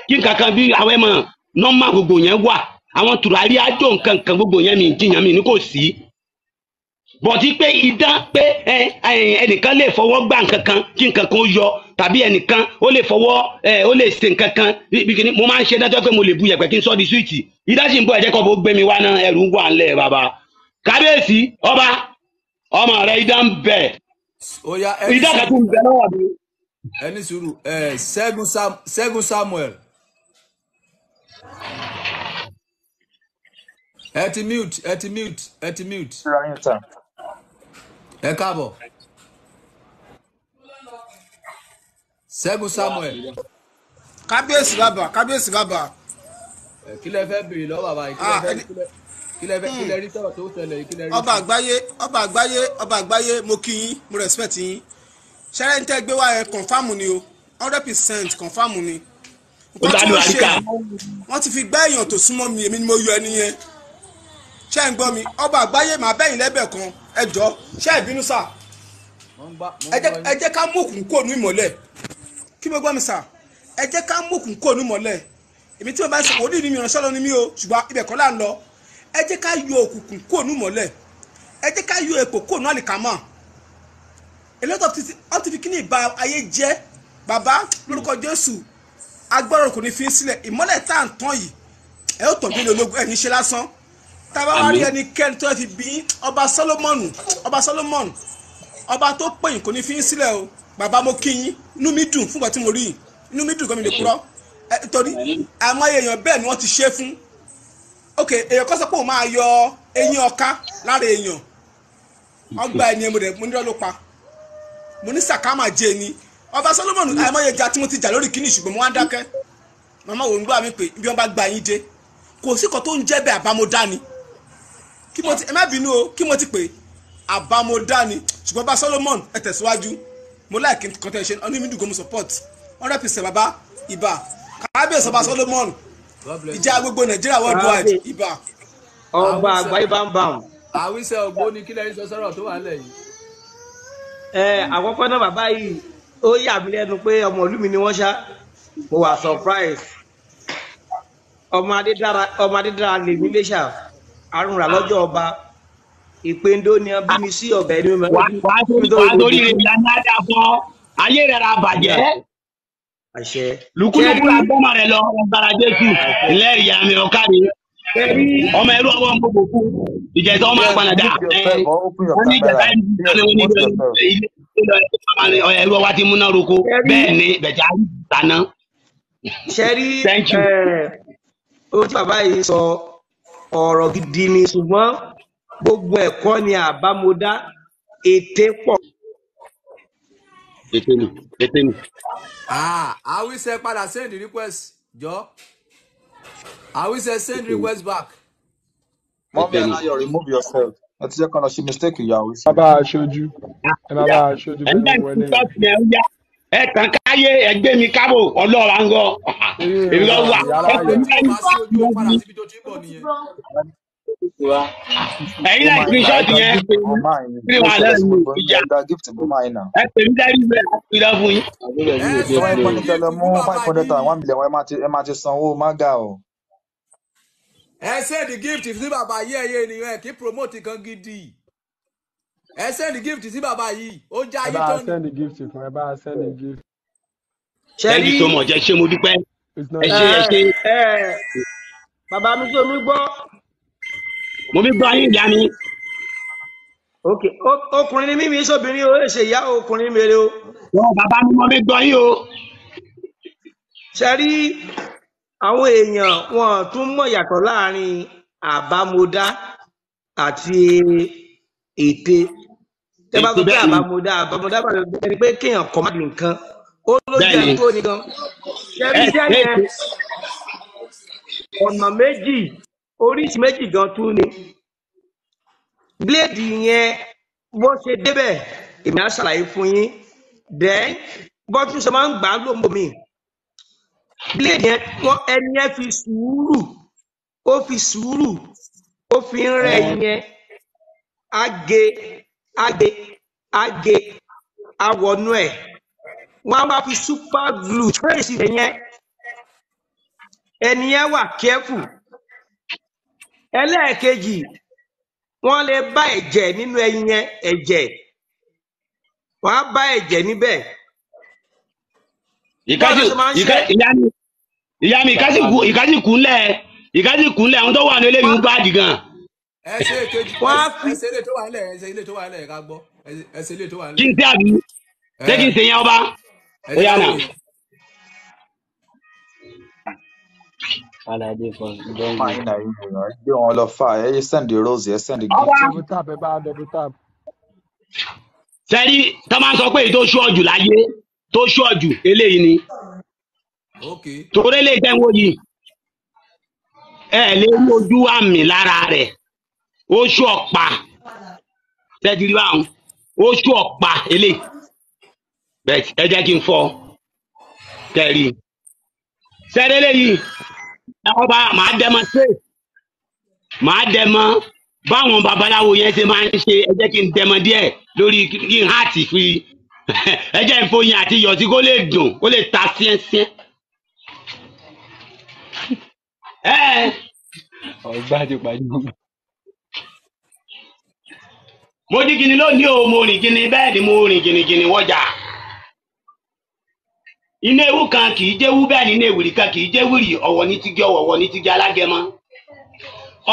kí nkankan bí àwọn ẹ̀mọ̀ nọ́mà gbogbo yẹn wà àwọn tùràrí àjò nkankan gbogbo yẹn mi jiyàn mi ni kò sí bọ̀dí pé idán pé ẹnìkan lè fọwọ́ gbà nkankan kí nkankan ó yọ tàbí ẹnìkan ó lè fọwọ́ ó lè ṣe nkankan bíkíní mo máa ń ṣe dájọ́ pé mo lè bu yẹ̀pẹ̀ kí n sọ́ di súwìtì ìdá sì ń bọ̀ ẹ̀jẹ̀ kọ́ bó gbé mi wá náà ẹ̀rù ń wà ńlẹ̀ bàbá kábíyèsí ọba ọmọ rẹ idá ń bẹ idá kẹtù ń bẹ lọ́wọ́ mi. ẹni sùúrù ṣẹ́gun samuel ẹ ti mute ẹ ti mute ẹ ti mute ẹ káàbọ̀ ṣẹ́gun samuel. kábíyèsí bàbá kábíyèsí bàbá. Eh, kí lẹ fẹ́ béèrè lọ́wọ́ bàbá yìí kí lẹ ah, fẹ́ kí lẹ hmm. rí sọ̀rọ̀ tó ṣẹlẹ̀ yìí kí lẹ rí. ọba àgbáyé ọba àgbáyé ọba àgbáyé mo kí yín mo respect yín ṣẹlẹ ń tẹ gbé wá yẹn kọnfàmù ni o hundred percent kọnfàmù ni nǹkan tí wọ́n ṣe wọ́n ti fi gbá èèyàn tó súnmọ́ mi èmi ni mo yọ ẹni yẹn ṣé ń gbọ́ mi ọba àgbáyé màá bẹ́yìn lẹ́bẹ̀ kan ẹ jọ ṣé ìbínú sà ẹ jẹ́ ká mú òkùnkùn kò ní kí mo gbọ́ mi sà ẹ jẹ́ ká mú òkùnkùn kò ní èmi tí mo bá ń sọ wòlíì ni mi ìránṣẹ́ lọ ni mi o ṣùgbọ́n ibẹ̀ kọ́ là ń lọ ẹ jẹ́ ká yọ òkùnkùn kó nù mọ́lẹ̀ ẹ jẹ́ ká yọ èpò kó nù àlìkámà a lot of things wọ́n ti fi kíní ìbá ayé jẹ́ bàbá lórúkọ Jésù agbọ́rọ̀ kò ní fi sílẹ̀ ìmọ́lẹ̀ tá à ń tán yìí ẹ yóò tọ̀gbìn ológun ẹ̀yìn ṣe lásán tábà wá rí ẹnikẹ́ni tó fi bí ọba Sólómọ́nù ọba Sólómọ́nù ọba tó pè kò ní fi sílẹ̀ o bàbá mo kí yín inú mi dùn fún ìgbà tí mo rí yín inú mi dùn gan mi lè purọ́. Eh, torí àmọ́ èèyàn bẹ́ẹ̀ ni wọ́n ti ṣe fún ok èèyàn kan sọ pé òun máa yọ eyín ọ̀ka lára èèyàn ọgbà ẹni ẹmu rẹ mo ní lọ́lọ́pa mo ní sàkámà jẹ ni ọba Solomon àìmọye ìjà tí mo ti jà lórí kíní ṣùgbọ́n mo wá ń dákẹ́ màmá òun gbọ́ mi pé bí wọ́n bá gba yín dé kò sí kan tó ń jẹ́ bẹ́ẹ̀ àbámọ́dá ni kí mo ti ẹ má bínú o kí mo ti pè àbámọ́dá ni ṣùgbọ́n ọba Solomon ẹ tẹ̀síwájú mo láì kí n kọ́tẹ́ ṣe ọ́nìmídùgbò mo support hundred percent baba ibà kábíyèsí ọba solomon ìjà gbogbo nàìjíríà worldwide ibà. ọba àgbáyé bámbàm. àwísẹ ògbóni kílẹ̀ yín sọ sọ́rọ̀ tó wà lẹ́yìn. ẹ àkọ́kọ́ náà bàbá yìí ó yà mí lẹ́nu pé ọmọ ìlú mi ni wọ́n ṣá mo wà surprise ọmọ adédára ọmọ adédára lèmi léṣà arúnra lọ́jọ́ ọba ìpéǹdó ni ọbí mi sí ọ̀bẹ ní. wàá sórí rẹ̀ ní adá fọ́ ayé rẹ̀ ra bàjẹ́ lukuluku la gbọ́mọ rẹ lọ ọgbàràdé kù ìlẹ́rìí àmì ọ̀kadì ọmọ ẹrú ọwọ́ gbogbo kú ìjẹ̀tọ́ ọmọ àgbàlagbà wọ́n ní ìjẹ̀tọ́ ìdílé wọn ní ìjọba ẹrú ọwọ́ ti múná roko ni bẹ̀tẹ̀ àná. sẹ́rí ó tí bàbá yìí sọ ọ̀rọ̀ gidi ni ṣùgbọ́n gbogbo ẹ̀kọ́ ni àbámọ́dá ète pọ̀ ètè nì ètè nì. àwísẹ ah, padà send request jọ àwísẹ send request back. mọ́mí ẹ̀ láyọ̀ remove yourself ẹ ti jẹ́ kọ́nà ṣe mistake ìyá àwísẹ. bàbá aṣojú ẹ bàbá aṣojú bẹ́ẹ̀ ni ẹ tàn káyé ẹgbẹ́ mi kábò ọlọ́ọ̀rá èmi lọ wà ẹ tẹ̀lé ẹ̀yin náà screenshot yẹn three one lẹ́nu ìjà ẹ pè mí dárí bẹ́ẹ̀ àti ìdá fún yín. wọ́n ń pọ́n ní mú five hundred thousand one million ẹ máa ti sanwó mága o. ẹ sẹ́ẹ̀dì gift sí bàbá yìí ẹ̀yẹ ènìyàn ẹ̀ kí promote kan gidi ẹ sẹ́ẹ̀dì gift sí bàbá yìí ó já ayé tó ní. ẹ bá sẹ́ẹ̀dì gift fún ẹ bá sẹ́ẹ̀dì gift. thank you so much ẹ ṣé mo dúpẹ́ ẹ ṣé ẹ ṣé. bàbá mi tó mi gbọ́ mo fi gbọ́ yín ìyá mi. ok ọkùnrin ni mímí sóbìnrin o èsè ìyá ọkùnrin mèrè o. wọn bàbá mi mo fi gbọ́ yín o. ṣe rí àwọn èèyàn wọn tún mọ̀ yàtọ̀ láàrin àbámọ̀dá àti ète tẹ bá gbé àbámọ̀dá àbámọ̀dá bá lọ bẹ́ẹ̀ ni pé kéèyàn kọ́ máa di nǹkan ó ló jẹ́ tó nìkan ṣẹ́rí jẹ́ yẹn ọ̀nà méjì oríṣi méjì gan tú ni bíléèdì yẹn bó ṣe débẹ̀ èmi á ṣàlàyé fún yín then bọ́tún ṣe máa ń gbà á lómo mi bíléèdì yẹn wọ́n ẹni yẹn fi sùúrù ó fi sùúrù ó fi ń rẹ̀ yẹn àgé àgé àgé àwọnú ẹ̀ wọ́n á wá fi super glue trace yẹn ẹni yẹn wà careful ẹlẹ́ẹ̀kejì wọ́n lè bá ẹ̀jẹ̀ nínú ẹyin yẹn ẹ̀jẹ̀ wọ́n á bá ẹ̀jẹ̀ níbẹ̀. ìkájú ìyá mi ìkájú kúnlẹ̀ ìkájú kúnlẹ̀ àwọn tó wà ní eléyìí ń bá dì gan. ẹ ṣe èkejì wọn á fi ẹsẹ ilé tó wà nílẹ̀ ẹsẹ ilé tó wà nílẹ̀ ká gbọ́ ẹsẹ ilé tó wà nílẹ̀. kí n ṣe àbí ṣé kí n ṣe yẹn ọba ó yà náà. Aládé kan dọ́ngù. fáyín náà yìí nìyẹn gbé wọn lọ fà ẹ yé sẹ́ǹdì rose ẹ sẹ́ǹdì ọwá gift. double tap ẹ bá double tap. sẹ́rí tó máa ń sọ pé èyí tó ṣọ́ jù láyé tó ṣọ́ jù eléyìí ni torí eléyìí tẹ́ ń wò yìí ẹ lè mójú àmì lára rẹ̀ ó ṣú ọ̀pá tẹ́tìrí báwọn ó ṣú ọ̀pá eléyìí ẹ jẹ́ kí n fọ́ kẹrì sẹ́rí eléyìí ọba màá demonstrate màá dẹmọ báwọn babaláwo yẹn ṣe máa ń ṣe ẹ jẹ́ kí n dẹmọ díẹ̀ lórí kí n hàtì fi ẹ jẹ́ n fọyín àti iyọ̀ tí kò lè dùn kò lè ta síẹ́síẹ́. ọgbà ti pàdé ọgbà. mo di kini lónìí o mo rìn kini bẹ́ẹ̀ ni mo rìn kìnnìkìnnì wọjà iná ewu kan kì í jẹ́ wú bẹ́ẹ̀ ni iná ewìrì kan kì í jẹ́ wìrì ọ̀wọ̀ ní tigi ọ̀wọ̀ ọ̀wọ̀ ní tigi alágẹmọ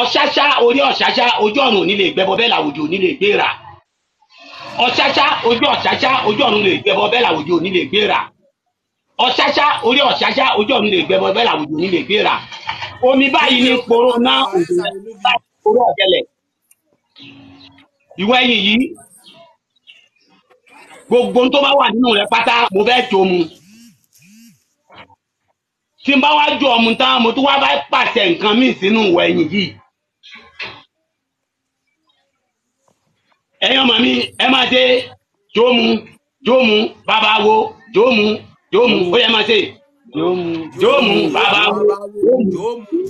ọ̀ṣáṣá orí ọ̀ṣáṣá ojú ọ̀run òní lè gbẹ́bọ bẹ́ẹ̀ làwùjọ òní lè gbéra ọ̀ṣáṣá ojú ọ̀ṣáṣá ojú ọ̀run lè gbẹ́bọ bẹ́ẹ̀ làwùjọ òní lè gbéra ọ̀ṣáṣá orí ọ̀ṣáṣá ojú ọ̀run lè gbẹ́bọ bẹ́ẹ̀ làwùjọ òní lè gbéra omi báyìí ní poro náà òdòdó ọ̀gẹlẹ̀ ìwọ ẹ̀yìn yìí gbogbo tó wà nínú rẹ pátá mo fẹ́ tó mu tí n bá wá jọ ọmú táwọn mo tún wá bá pàṣẹ nǹkan míì sínú ìwọ ẹ̀yìn yìí. ẹ̀yin ọmọ mi ẹ máa ṣe jóòmù jóòmù bàbá wo jóòmù jóòmù ó yẹ máa ṣe jóòmù bàbá wo.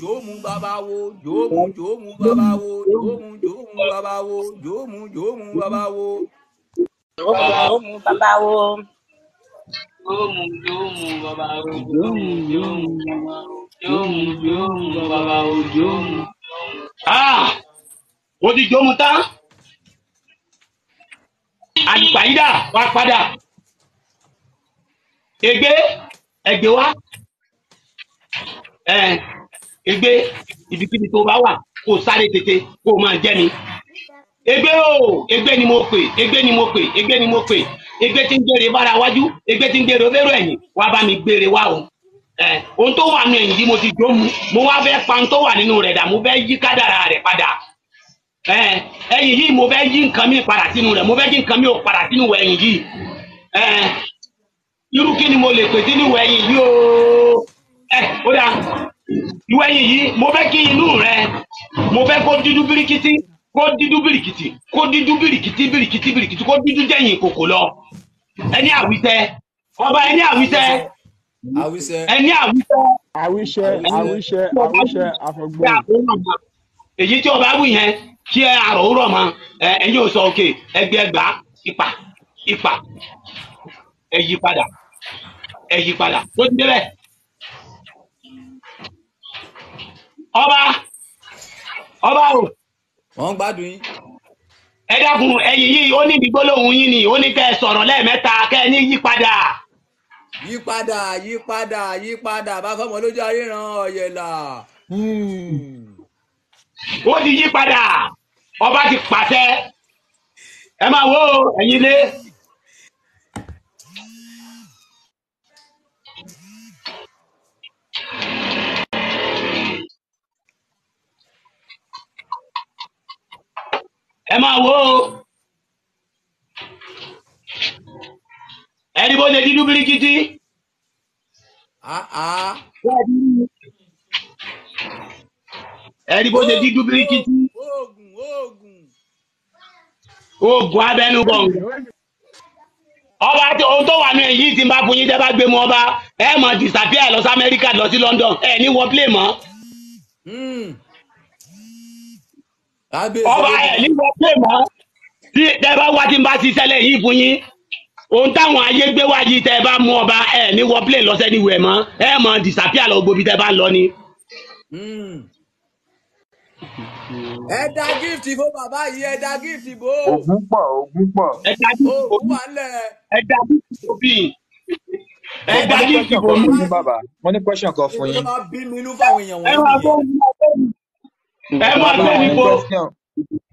jóòmù bàbá wo jóòmù jóòmù bàbá wo jóòmù jóòmù bàbá wo jóòmù jóòmù bàbá wo. jóòmù bàbá wo yóò mú yóò mú bàbá o yóò mú yóò mú bàbá o yóò mú yóò mú bàbá o yóò ti jó mu tá àyípadà wá padà ègbé ẹgbẹ́ wa ègbé ibikíbi tó bá wà kó sáré tètè kó máa jẹ mi ègbé o ègbé ni mo pè ègbé ni mo pè ègbé ni mo pè igbe tí ń gbére bára wájú igbe tí ń gbére obérò ẹ̀yìn wá bá mi gbére wá o ohun tó wà nínú ẹ̀yìn yìí mo ti jó mu mo wá fẹ́ pa ohun tó wà nínú rẹ̀ dà mo fẹ́ yí kádàrà rẹ̀ padà ẹ̀yìn yìí mo fẹ́ yí nǹkan mi padà sínú rẹ̀ mo fẹ́ yí nǹkan mi ò padà sínú ẹ̀yìn yìí irú kí ni mo lè pè sínú ẹ̀yìn yìí o ó dà ìwẹ̀yìn yìí mo fẹ́ kí inú rẹ̀ mo fẹ́ kó dúdú bíríkítí kó dídú bìrìkìtì kó dídú bìrìkìtì bìrìkìtì bìrìkìtì kó dídú jẹ̀yìn ìkòkò lọ ẹni àwítẹ ọba ẹni àwítẹ ẹni àwítẹ àwíṣẹ àwíṣẹ àwíṣẹ àfọgbọn èyí tí ọba wù yẹn kí ẹ àrò rọ mọ ẹ ẹyin ò sọ òkè ẹgbẹ ẹgbà ipa ipa ẹ yí padà ẹ yí padà tó ti débẹ̀ ọba ọba o wọ́n ń gbádùn yín. ẹ dákun ẹ̀yin yìí ó ní gbígbólóhùn yín ni ó ní kẹ́ ẹ sọ̀rọ̀ lẹ́ẹ̀mẹ́ta kẹ́ ẹ ní yípadà. yípadà yípadà yípadà bá fọmọ lójú ayé ran ọ̀yẹ̀là. ó ti yípadà ọba ti pàṣẹ ẹ máa wo ẹ̀yin lé. ẹ máa wò ó ẹni bó lè dídú birikiti. ẹni bó lè dídú birikiti. oògùn abẹnú gbọ̀ngàn ọba ohun tó wà ní èyí tí n bá fún yín tẹ́ gbé mu ọba ẹ mọ̀ disappear lọ sí Amẹ́ríkà lọ sí London ẹ ní wọ́n plé mọ́. Hmm ọba ẹ̀ ní pè mọ́ tí ẹ bá wá tí n bá ṣiṣẹ́ lẹ́yìn fún yín ohun táwọn ayé gbé wá yìí tẹ ẹ bá mú ọba ẹ ní wọ plane lọ sẹ́ni wẹ̀ mọ́ ẹ mọ disapia lọ gbòbi tẹ ẹ bá lọ ni. Hmm. ẹ da gift bàbá yìí ẹ da gift bó. ogun pọ̀ ogun pọ̀. ẹ da gift bó bí ẹ da gift bó bí ẹ da gift mo ní question kan fún yín bàbá. mo ní question kan fún yín. ẹ wà fún mi ẹ máa gbé mi fo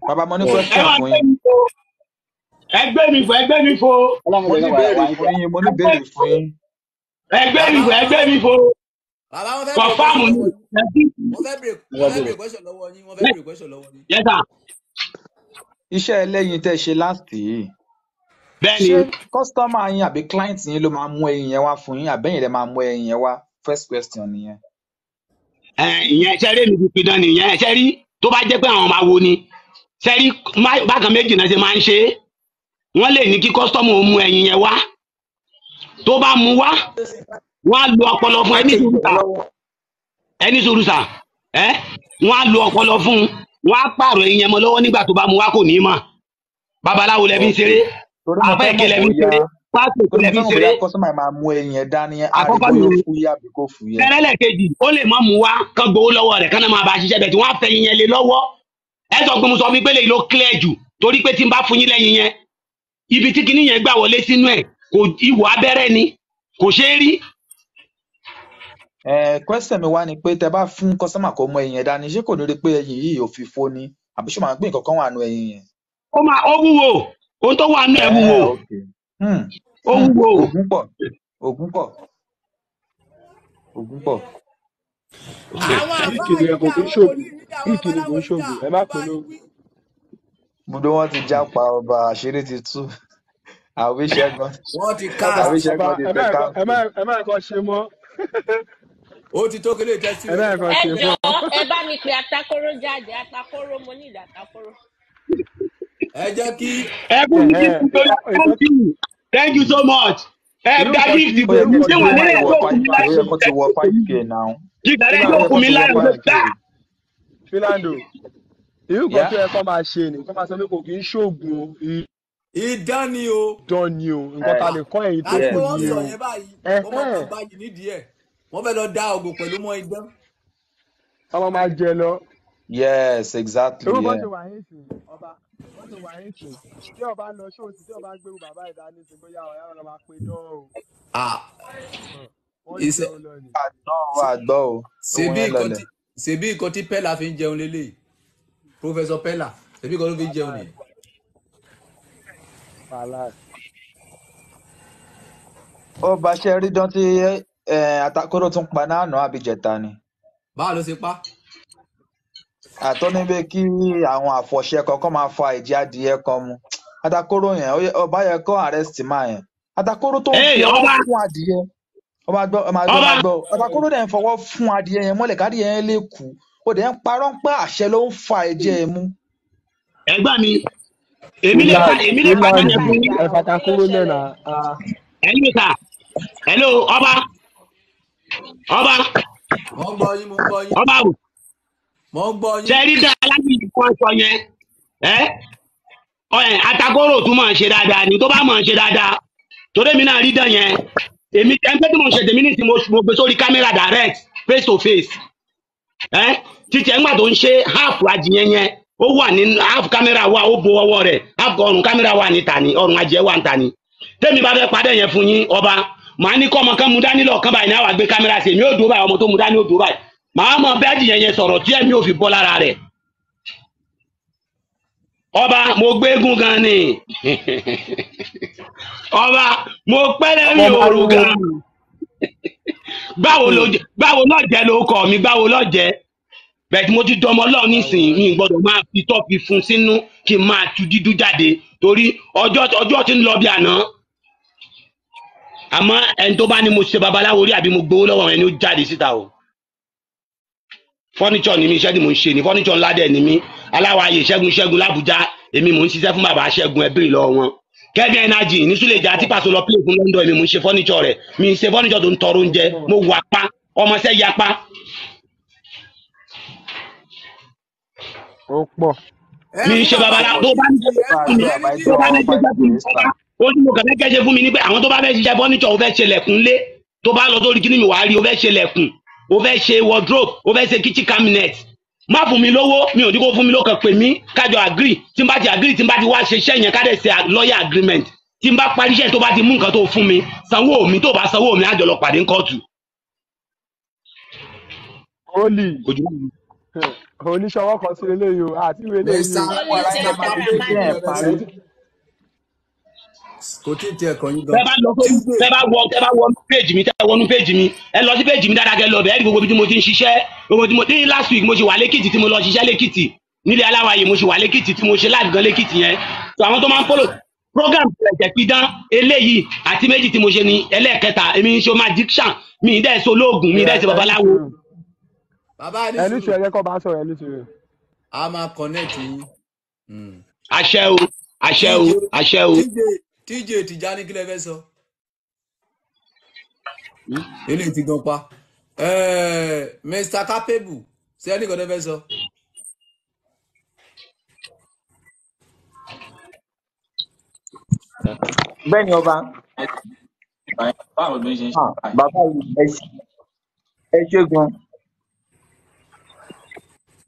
bàbá mo ní question fún yín. ẹ gbé mi fo ẹ gbé mi fo. mo ní béèrè fún yín mo ní béèrè fún yín. ẹ gbé mi fo ẹ gbé mi fo. bàbá wọn fẹ́ kọfáàmù ni. wọ́n fẹ́ bèrè wọ́n fẹ́ bèrè question lọ́wọ́ yín wọ́n fẹ́ bèrè question lọ́wọ́ yín. yes sir. iṣẹ́ ẹlẹ́yin tẹ́ ṣe last yìí bẹ́ẹ̀ni kọ́sítọ́mà yín àbí client yín ló máa mú ẹyin yẹn wá fún yín àbẹ́yìn rẹ̀ máa mú ẹyin yẹn wá first question nìyẹn ìyẹn ẹsẹ rí èmi fi pidán ni ìyẹn ẹsẹ rí tó bá jẹ́ pé àwọn máa wo ni sẹrí bákan méjì náà ṣe máa ń ṣe é wọ́n lè ní kí kọsítọmù ó mú ẹyin yẹn wá tó bá mú wá wọ́n á lo ọpọlọ fún ẹni sùúrù sà ẹni sùúrù sà ẹ wọ́n á lo ọpọlọ fún wọ́n á pààrọ̀ ẹyin yẹn mọ́ lọ́wọ́ nígbà tó bá mú wá kò ní í mọ̀ babaláwo lẹbi ń ṣeré àfẹ ìkẹlẹbi ń ṣeré páàkì tó lè fi kọ́sọ́mà máa mú ẹyin ẹ̀ dání àkọ́kọ́ ni fúyà bí kò fúyà. fẹ́rẹ́lẹ̀ kejì ó lè mọ́ mú wá kán gbowó lọ́wọ́ rẹ̀ kán náà máa bá a ṣiṣẹ́ bẹ̀ tí wọ́n á fẹ́ yín yẹn lé lọ́wọ́ ẹ sọ pé mo sọ wípé lèyí ló clear jù torí pé tí n bá fún yín lẹ́yìn yẹn ibi tí kinní yẹn gbà wọlé sínú ẹ̀ kò ìwò abẹ́rẹ́ ni kò ṣeé rí. ẹ kwẹsẹ mi wá ni pé tẹ bá fún kọ́sọ́mà kó mú ẹyin ẹ̀ dání ṣé kò ní rí pé ẹyin yìí ò fi fó ni àbí ṣé màá gbé nǹkan kan wà nù ẹyin yẹn. ó máa ó wúwo ohun tó wà nù ẹ wúwo. Hmm. ó ń hmm. wo ògùn pọ̀ ògùn pọ̀ ògùn pọ̀. ìkìlì ẹ̀kọ́ kò ń ṣògùn ìkìlì kò ń ṣògùn ẹ má pè ló. gbogbo wọn ti jápa ọba àṣírí ti tú àwíṣẹ́gun àwíṣẹ́gun ti fẹ́ ká. ẹ má ẹ̀kọ́ ṣe mọ́ ó ti tó kílé tẹ́sí. ẹ bẹ́ẹ̀ kan ṣe fún ọ. ẹ jọ ẹ bá mi pe atakoro jáde atakoro mo ní ìdá atakoro ẹ jẹ́ kí. ẹ kú ní kí n tó yà thank you thank you so much. ẹ dájú ìdìbò mi ṣé wà nílẹ̀ tó kù mí láyé tó jìdárẹ́ tó kù mí láyé tó dá. filando ah! irú kan tó yẹ kó máa ṣe ni kó máa sọ pé kò kì í ṣoògùn o ìdán ni o. ìdán ni o nǹkan ta lè kọ́ ẹ̀yìn tó kù ni o. ọmọ kan báyìí nídìí ẹ̀ wọ́n fẹ́ lọ dá oògùn pẹ̀lú mọ́ idán. ọmọ máa jẹ lọ. yes exactly. orúkọ ti wà ní ìsìn wọ́n ti wà ní ìṣó tí ọba lọ ṣóòtì tí ọba gbẹrù bàbá ìdání sí bóyá ọ̀yá ọ̀rọ̀ máa pe dán o. ìṣe àgbọ̀ o àgbọ̀ o. ṣebí nǹkan tí pẹ́lá fi ń jẹun lélẹ̀ pọ́fẹ́sọ pẹ́lá ṣebí nǹkan ló fi ń jẹun nìyẹn. ó bá ṣe rí dán tí àtakóró tún pa náà nà ábíjẹta ni. báwo ló ṣe pa á àtọ́níbẹ̀ kí àwọn àfọ̀ṣẹ kankan máa fa ìjẹ́ adìyẹ kan mu atakóró yẹn ọba yẹ kọ́ àrẹ́sì máa yẹn atakóró tó ń fi ọwọ́ fún adìyẹ ọba gbọ́ ọba gbọ́ atakóró dẹ̀ ń fọwọ́ fún adìyẹ yẹn mọ́lẹ̀ kádìyẹ yẹn lè kú ó dẹ̀ ń parọ́ pé àṣẹ ló ń fa ẹ̀jẹ̀ ẹ̀ mu. ẹgbà mi èmi lè fa èmi lè fa ìjẹ fún yín. ẹ fatakóró náà na. hello sir hello ọba ọba ọba ọba mo gbọ́ yín. ṣe rí dáa láti ìkó aṣọ yẹn atakóró tún máa ń ṣe dáadáa ni tó bá máa ń ṣe dáadáa torí èmi náà rí dán yẹn èmi ẹgbẹ́ tí mo ṣe tèmi nìsín mo gbé sórí kámẹ́rà direct face to face títí ẹgbà tó ń ṣe half adìyẹ yẹn ó wà ní half kámẹ́rà wà ó bo ọwọ́ rẹ̀ half ọrùn kámẹ́rà wà ní tani ọrùn adìyẹ wà ní tani tèmi bá fẹ́ padà yẹn fún yín ọba màá ní kọ́ ọmọ kan mu dání lọ kán báyìí ní àwọn àgbẹ̀ kámẹ́rà sí èmi ó dúró báyìí ọmọ tó mu dání ó dúró báyìí màá mọ bí adìyẹ yẹn sọ̀rọ̀ tí ẹ̀mí ò fi bọ́ lára rẹ̀ ọba mo gbégún gan ni ọba mo pẹ́lẹ́ rí òru gan báwo ló jẹ báwo náà jẹ ló kọ mi báwo ló jẹ bẹ́ẹ̀ mo ti dọmọ Ọlọ́run nísìnyí mi gbọ́dọ̀ máa fi tọpì fún sínú kí n máa tu dídú jáde torí ọjọ́ ti ń lọ bí àná àmọ́ ẹni tó bá ní mo ṣe babaláwo rí àbí mo gbowó lọ́wọ́ ẹni ó jáde síta o fọ́nìṣọ̀ ni mi iṣẹ́ tí mo ń ṣe ni fọ́nìṣọ̀ ńlá dẹ̀ ni mi aláwàyè ṣẹ́gun ṣẹ́gun làbújá èmi mò ń ṣiṣẹ́ fún bàbá ṣẹ́gun ẹbí lọ wọn kẹ́gẹ́ ẹnájì ní súlẹ̀jà tí pàṣẹ lọ pílẹ̀ fún London èmi mò ń ṣe fọ́nìṣọ̀ rẹ̀ mi ń ṣe fọ́nìṣọ̀ tó ń tọrọ oúnjẹ mo wà pa ọmọṣẹ́ ya pa. ó pọ̀. mi ń ṣe babaláwo tó bá ń ṣe tó bá ń ṣe fún mi ó ní mo kàn fẹ́ kẹ́ṣe fún mi ní pé àwọn tó bá fẹ́ ṣiṣẹ́ fọ́nìṣọ̀ ó fẹ́ ṣe lẹ̀kùn lé tó bá lọ sórí kíní mi wàá rí ó fẹ́ ṣe lẹ̀kùn o fẹ́ ṣe wardrobe o fẹ́ ṣe kitchen cabinet má fún mi lówó mi ò ní kó fún mi lókàn pè mí kájọ agree tí n bá ti agree tí n bá ti wá ṣe iṣẹ́ yẹn ká ṣe lawyer agreement tí n bá parí iṣẹ́ tó bá ti mú nǹkan tó fún mi sanwó mi tó bá sanwó mi àjọ lọ pàdé ń kóòtù. olè oníṣòwò kan sí eléyìí àti ìwé eléyìí o wà láti máa fi ṣe bẹ́ẹ̀ parí kò tí ì tiẹ̀ kàn yín gan. tẹ́ bá wọ tẹ́ bá wọ péjì mi tẹ́ wọnú péjì mi ẹ lọ sí péjì mi dáadáa kẹ́ lọ bẹ́ẹ̀ gbogbo bí mo ti ń ṣiṣẹ́ gbogbo tí mo ní last week mo ṣe wà lẹ́kìtì tí mo lọ ṣiṣẹ́ lẹ́kìtì nílé aláwàyè mo ṣe wà lẹ́kìtì tí mo ṣe láti gan lẹ́kìtì yẹn tó àwọn tó máa ń polo program ìrẹ̀jẹ̀ pidán eléyìí àti méjì tí mo ṣe ni ẹlẹ́ẹ̀kẹta èmi ń ṣe magician mi ì dẹ́ẹ̀ ṣe olóògùn mi ì dẹ́ẹ̀ ṣe babaláwo. bàbá ẹlùsùn ẹ̀yẹ kọ́ bá ń sọ̀rọ̀ ẹlùsùn rẹ̀. a máa connect yín. Hmm. àṣẹ o àṣẹ o àṣẹ o. TJ Tijani kí lẹ fẹ́ sọ. Hmm? eléyìí ti gan pa eh, Mr Capable ṣé ẹnìkan lẹ fẹ́ sọ. bẹ́ẹ̀ni ọba báwo ló ń ṣe ń ṣe ah, báyìí. bàbá yìí ẹ ṣe gan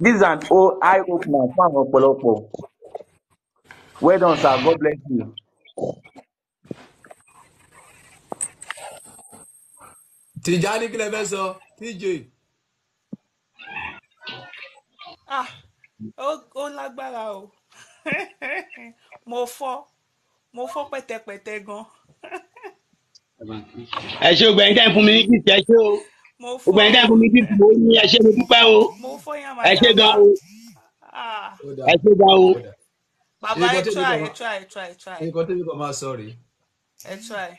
this is an eye opener fún àwọn ọ̀pọ̀lọpọ̀ well done sir god bless you. Tijani kí lẹ fẹ́ sọ TJ. Ah, ó lágbára o mo fọ́ mo fọ́ pẹ̀tẹ̀pẹ̀tẹ̀ gan. ẹ ṣé ògbẹ́ni tẹ́ ń fún mi ní kìtì ẹ ṣé o ògbẹ́ni tẹ́ ń fún mi ní kìtì mo ní ẹ ṣé mo dúpẹ́ o ah. ẹ ṣé gan o ẹ ṣé gan o. bàbá ẹ try ẹ try ẹ try ẹ try. nǹkan máa sọ rèé. try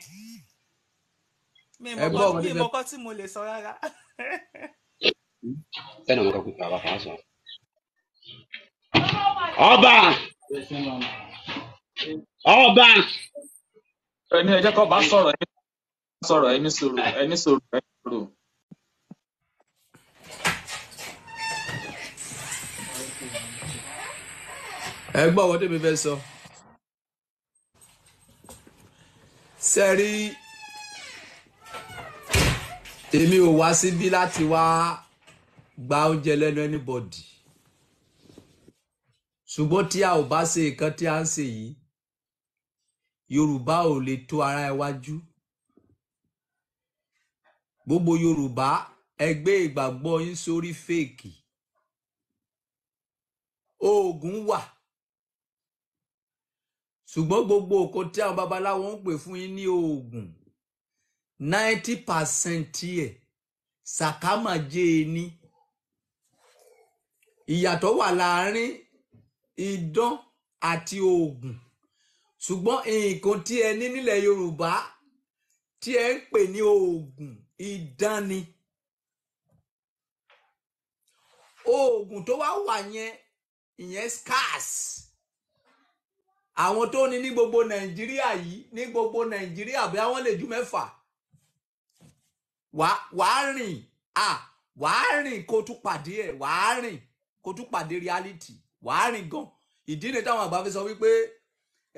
mi ìmọ̀kọ́ tí mo lè sọ rárá. sẹ́ni àwọn ọkọ̀ bàbá kan sọ. ọba ọba. ẹni ẹ jẹ́ kó bá sọ̀rọ̀ ẹni sọ̀rọ̀ ẹni sọ̀rọ̀ ẹni sọ̀rọ̀ ẹni sọ̀rọ̀. ẹ gbọ́ àwọn tèmi fẹ́ sọ. sẹ́rí èmi ò wá síbí láti wá gba oúnjẹ lẹ́nu anybody ṣùgbọ́n tí a ò bá ṣe nǹkan tí a ń ṣe yìí yorùbá ò lè tó ara iwájú gbogbo yorùbá ẹgbẹ́ ìgbàgbọ́ yín sórí fèèkì oògùn wà ṣùgbọ́n gbogbo òkò tí àwọn babaláwo ń pè fún yín ní oògùn ninety percent ẹ̀ sàkámàjẹ́ ẹni ìyàtọ̀ wà láàrin idán àti oògùn ṣùgbọ́n nǹkan tí ẹ ní nílẹ̀ Yorùbá tí ẹ ń pè ní oògùn idán ni oògùn tó wá wà yẹn ìyẹn scarce àwọn tó ní ní gbogbo Nàìjíríà yìí ní gbogbo Nàìjíríà bí àwọn lè ju mẹ́fà wàá rìn à wàá rìn kó tún pàdé ẹ̀ wàá rìn kó tún pàdé reality wàá rìn gan ìdí ni táwọn àgbà fi sọ wípé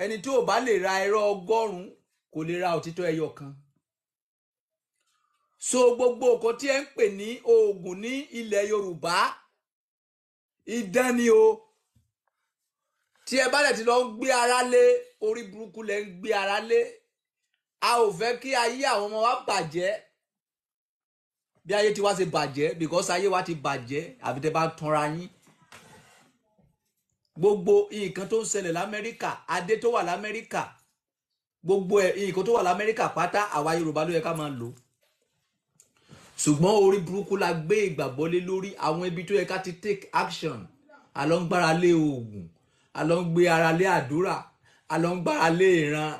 ẹni tí ò bá lè ra ẹ̀rọ ọgọ́rùn kò lè ra òtítọ́ ẹyọ kan so gbogbo nǹkan tí ẹ ń pè ní oògùn ní ilẹ̀ Yorùbá idán ni o tí ẹ bá dẹ̀ ti lọ ń gbé ara lé orí burúkú lẹ ń gbé ara lé a ò fẹ́ kí ayé àwọn ọmọ wa bàjẹ́ bí ayé tiwa ṣe bàjẹ́ because ayé wa ti bàjẹ́ àfi tẹ́ bá tanra yín gbogbo nǹkan tó ń ṣẹlẹ̀ lamẹ́ríkà adé tó wà lamẹ́ríkà gbogbo nǹkan tó wà lamẹ́ríkà pátá àwa yorùbá ló yẹ ká máa lò ṣùgbọ́n orí burúkú la gbé ìgbàgbọ́ lé lórí àwọn ibi tó yẹ ká ti take action àlọ́ ń gbára lé oògùn àlọ́ ń gbé ara lé àdúrà àlọ́ lé ìran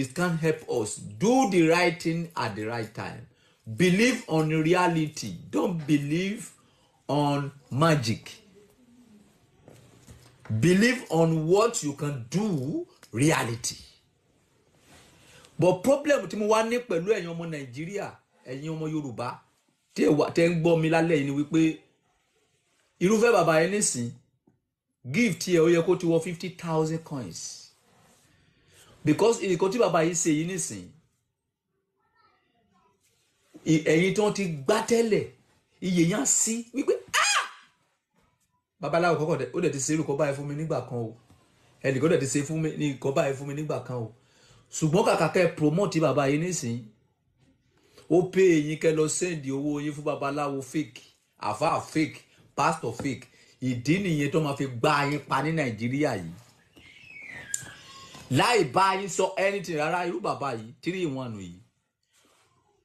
it can help us do the right thing at the right time Believe on reality. Don't believe on magic. Believe on what you can do reality. But problem tí mo wá ní pẹ̀lú ẹ̀yin ọmọ Nàìjíríà ẹ̀yin ọmọ Yorùbá tẹ́ ń gbọ́ mi lálẹ́ yìí ni wípé irúfẹ́ bàbá yẹn nísìn gift yẹ ó yẹ kó ti wọ fifty thousand coins because ìkọ́ tí bàbá yìí ṣe yìí nísìn ẹ̀yin tí wọ́n ti gbá tẹ́lẹ̀ iye yẹn á sí wípé ah! babaláwo kọ́kọ́ ó dẹ̀ ti ṣe irúkọ báyìí fún mi nígbà kan o ẹnìkan dẹ̀ ti ṣe fún mi nìkan báyìí fún mi nígbà kan o ṣùgbọ́n kàkà kẹ́ promote bàbá yìí nísìnyí ó pé eyín kẹ́ lọ sẹ́ndì owó yín fún babaláwo fake àfa fake pastor fake ìdí nìyẹn tó máa fi gbá yín pa ní nàìjíríà yìí láì bá yín sọ anything rárá irú bàbá yìí tírí one àná yìí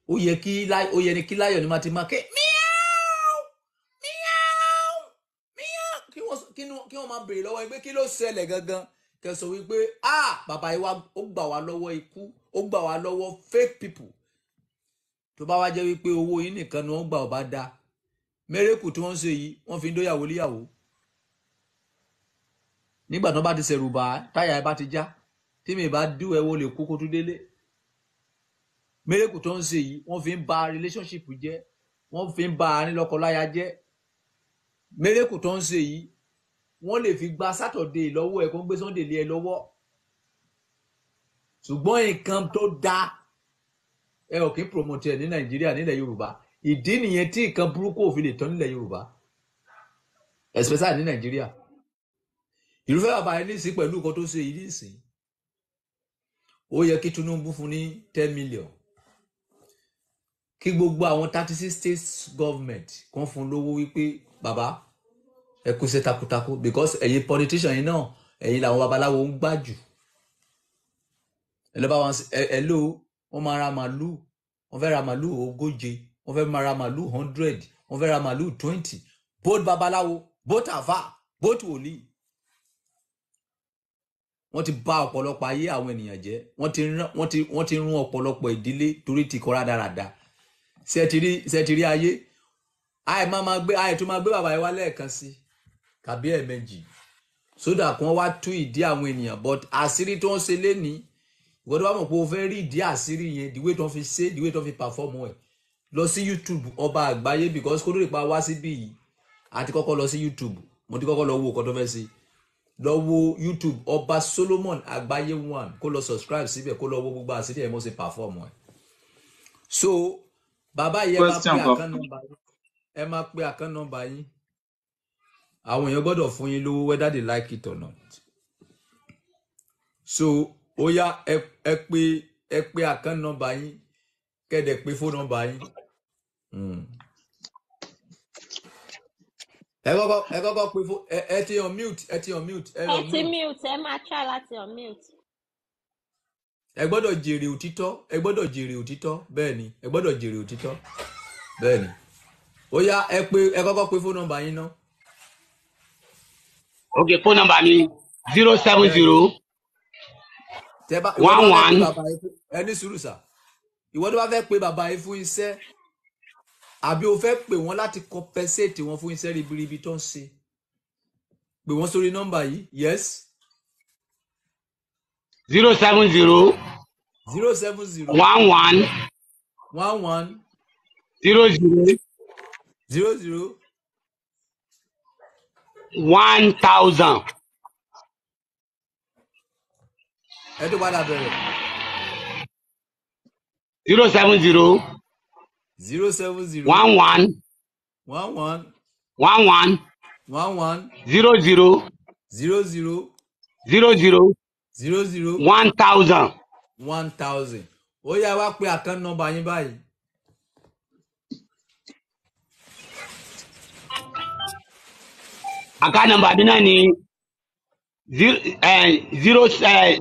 ó yẹ kí ó yẹ ni kí láyọ̀ ni máa ti máa ké miau miau miau kí wọ́n kí wọ́n máa béèrè lọ́wọ́ pé kí ló ṣẹlẹ̀ gangan kẹsàn wípé ah bàbá yìí ó gbà wá lọ́wọ́ ikú ó gbà wá lọ́wọ́ fake people tó bá wá jẹ́ wípé owó yìí nìkan ni wọ́n gbà ọba dá mẹ́rẹ́kù tí wọ́n ń ṣe yìí wọ́n fi ń dóyàwó líyàwó nígbà tí wọ́n bá ti ṣẹ̀rù bá táyà ẹ bá ti já tí mi bá dúwẹ́ wo lè kú délé mẹ́rẹ́kù tó ń ṣe yìí wọ́n fi ń ba relationship jẹ́ wọ́n fi ń ba àárín lọ́kọláya jẹ́ mẹ́rẹ́kù tó ń ṣe yìí wọ́n lè fi gba sátọ̀dé lọ́wọ́ ẹ̀ kó ń gbé sunday lé ẹ lọ́wọ́ ṣùgbọ́n nǹkan tó dáa ẹ ò kí ń promote ẹ ní nàìjíríà nílẹ̀ yorùbá ìdí nìyẹn tí nǹkan burúkú ò fi lè tán nílẹ̀ yorùbá especially ní nàìjíríà irúfẹ́ bàbá yẹn nísìnyí pẹ̀lú nǹkan tó ṣe yìí nísìnyí ó yẹ kí tinubu fún ní ten million kí gbogbo àwọn thirty six states government kan fún lówó wípé bàbá ẹ kú ṣe takuntakun because ẹ̀yin politician yìí náà ẹ̀yin làwọn babaláwo ń gbà jù ẹ lọ bá wọn ẹ lò wọn máa ra màlúù wọn fẹ́ ra màlúù ogóje wọn fẹ́ máa ra màlúù hundred wọn fẹ́ ra màlúù twenty both babaláwo both àfà both wòlíì wọ́n ti bà ọ̀pọ̀lọpọ̀ ayé àwọn ènìyàn jẹ́ wọ́n ti rún ọ̀pọ̀lọpọ̀ ìdílé torí ti kọ́ra dáradára ṣètìrí ayé àì máa máa gbé àì tún máa gbé bàbá yẹn wá lẹ́ẹ̀kan sí tàbí ẹ̀ẹ̀mejì sódà kan wá tú ìdí àwọn ènìyàn but àṣírí tó ń ṣe lénìí ìwọ́n tó bá mọ̀ pé o fẹ́ rí ìdí àṣírí yẹn the way tó fi ṣe the way tó fi perform ẹ̀ lọ sí YouTube ọba àgbáyé because kó tó lè pa wá síbí yìí àti kọ́kọ́ lọ sí YouTube mo ti kọ́kọ́ lọ wo ọkọ̀ tó fẹ́ ṣe lọ wo YouTube ọba Solomon àgbáyé one kó lọ subscribe síbẹ̀ kó lọ wo gbogbo àṣírí ẹ̀ mo ṣe perform ẹ̀ so bàbá yìí ẹ máa pe àkán nọ́mbà yín ẹ máa pe àkán nọ́mbà yín àwọn èèyàn gbọ́dọ̀ fún yín lówó whether they like it or not so Oya, yá ẹ pé ẹ pé àkán nọ́mbà yín kẹdẹ pé fóònù nọ́mbà yín hmm. ẹ kọ́kọ́ ẹ kọ́kọ́ pé fóònù ẹ ti on mute ẹ ti on mute ẹ lọ mute ẹ ti mute ẹ máa try láti on mute ẹ gbọ́dọ̀ jèrè òtítọ́ ẹ gbọ́dọ̀ jèrè òtítọ́ bẹ́ẹ̀ ni ẹ gbọ́dọ̀ jèrè òtítọ́ bẹ́ẹ̀ ni ó yá ẹ pé ẹ kọ́kọ́ pé fóònù nọ́mbà yín ná. ok fóònù nọ́mbà mi zero seven zero one one. ẹ ní sùúrù sà ìwọ tó bá fẹ́ pe bàbá yìí fún iṣẹ́ àbí o fẹ́ pè wọ́n láti compensate wọn fún iṣẹ́ ribiribi tó ń ṣe pè wọ́n sórí nọ́mbà yìí yes zero seven zero. zero seven zero. one one. one one. zero zero. zero zero. one thousand. ẹ tó padà bẹ̀rẹ̀. zero seven zero. zero seven zero. one one. one one. one one. one one. zero zero. zero zero. zero zero zero zero. one thousand. one thousand ó yá wá pé àkán nọ́mbà yín báyìí. àkán nọ́mbà mi náà ni zero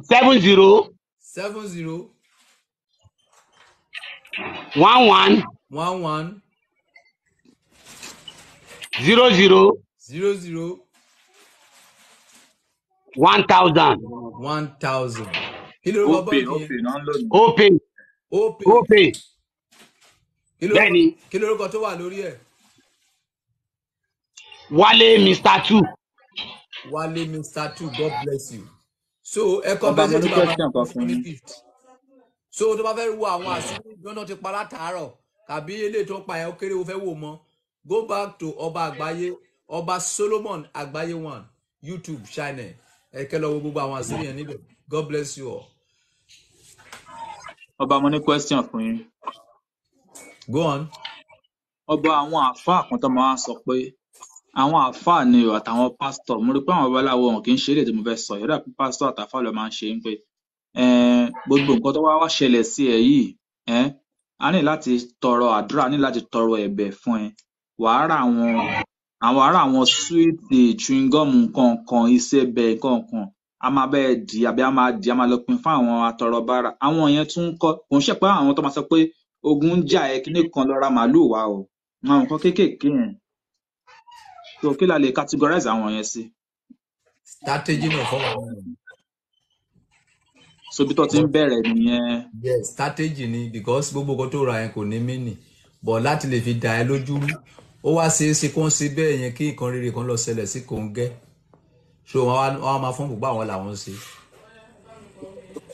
seven zero. seven zero. one one. one one. zero zero. zero zero one thousand. one thousand. Open. Open. Open. Open. yẹn. opay opay opay. bẹ́ẹ̀ni. kí ló rọ tó wà lórí ẹ̀. wálé mr two. wálé mr two god bless you. so ẹ kọ́ bẹ́ẹ̀ sẹ́yìn bàbá mi fún mi gift. so tó bá fẹ́ wo àwọn àṣírí ìjọ́nà ti pa látàárọ̀ tàbí eléyìí tó ń pa ẹ̀ ó kéré o fẹ́ wò mọ́ go back to ọba àgbáyé ọba solomon àgbáyé one youtube channel ẹ lọ wo gbogbo àwọn àṣírí yẹn god bless you all. ọba mo ní question fún yín. go on. ọba àwọn àáfàá kan tó máa ń sọ pé àwọn àáfàá ni àtàwọn pásítọ̀ mo rí pé àwọn babaláwo wọn kì í ṣe eré tí mo fẹ́ sọ ìrẹ́pù pásítọ̀ àtàfàá ló máa ń ṣe ń pé gbogbo nǹkan tó wá wá ṣẹlẹ̀ sí ẹ yìí a ní láti tọrọ àdúrà a ní láti tọrọ ẹ̀bẹ̀ fún ẹ wàá rà àwọn àwọn ará àwọn sweet chewing gum nǹkan kan ìsebẹ̀ nǹkan kan a máa bẹ́ẹ̀ dì í àbí a máa dì í a máa lọ pin fún àwọn atọrọbára àwọn yẹn tún ń kò ń ṣe àwọn tó máa sọ pé ogun ń jà ẹ kíní kan lọ màálùú wa o àwọn nǹkan kéékèèké yẹn so kí la lè categorize àwọn yẹn sí. strategy náà fọwọ́ àwọn ọmọ so bí tó ti ń bẹ̀rẹ̀ nìyẹn. yes strategy ni because gbogbo nǹkan tó ra yẹn kò ní mí nì but láti lè fi dà ẹ lójú rú ó wá ṣe é ṣe kó ń ṣe bẹ́ẹ̀ yẹn kí nǹkan rere kan lọ ṣẹlẹ̀ sí kòńgẹ́ so wọn wá máa fún gbogbo àwọn làwọn ṣe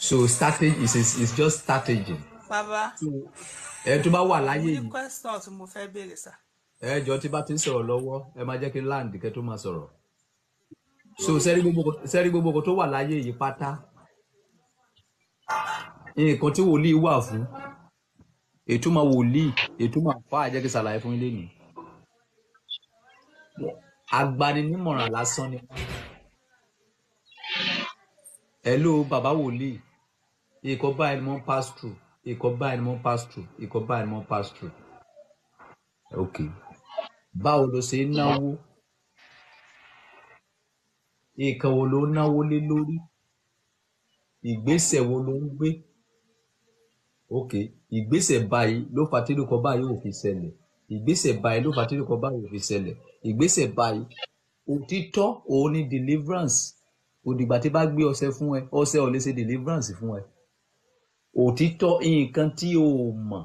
so strategy is, is, is just strategy. bàbá ẹ tó bá wà láyé yìí. mo ní question tí mo fẹ́ béèrè sá. ẹ jọ tí bá ti ń sọ̀rọ̀ lọ́wọ́ ẹ máa jẹ́ kí land kẹ́ tó máa sọ̀rọ̀ so sẹ́rí gbogbo kò tó wà láyé yìí pátá nǹkan tí wòlíì wà fún ètò máa wòlíì ètò máa fà á jẹ́ kí ṣàlàyé fún ilé nìyí agbaninímọ̀ràn lásán ni wọ́n. hello bàbá wòlíì ìkọ́ báyìí ni wọ́n pass through ìkọ́ báyìí ni wọ́n pass through ìkọ́ báyìí ni wọ́n pass through. ok báwo ló ṣe ń náwó nǹkan wo ló ń náwó lé lórí ìgbésẹ̀ wo ló ń gbé ok ìgbésẹ̀ báyìí ló fa tílùkọ báyìí ò fi ṣẹlẹ̀ ìgbésẹ̀ báyìí ló fa tílùkọ báyìí ò fi ṣẹlẹ̀ ìgbésẹ̀ báyìí òtítọ́ òun ni deliverance òdìgbà tí bá gbé ọṣẹ fún ẹ ọṣẹ ò lè ṣe deliverance fún ẹ òtítọ́ nǹkan tí o mọ̀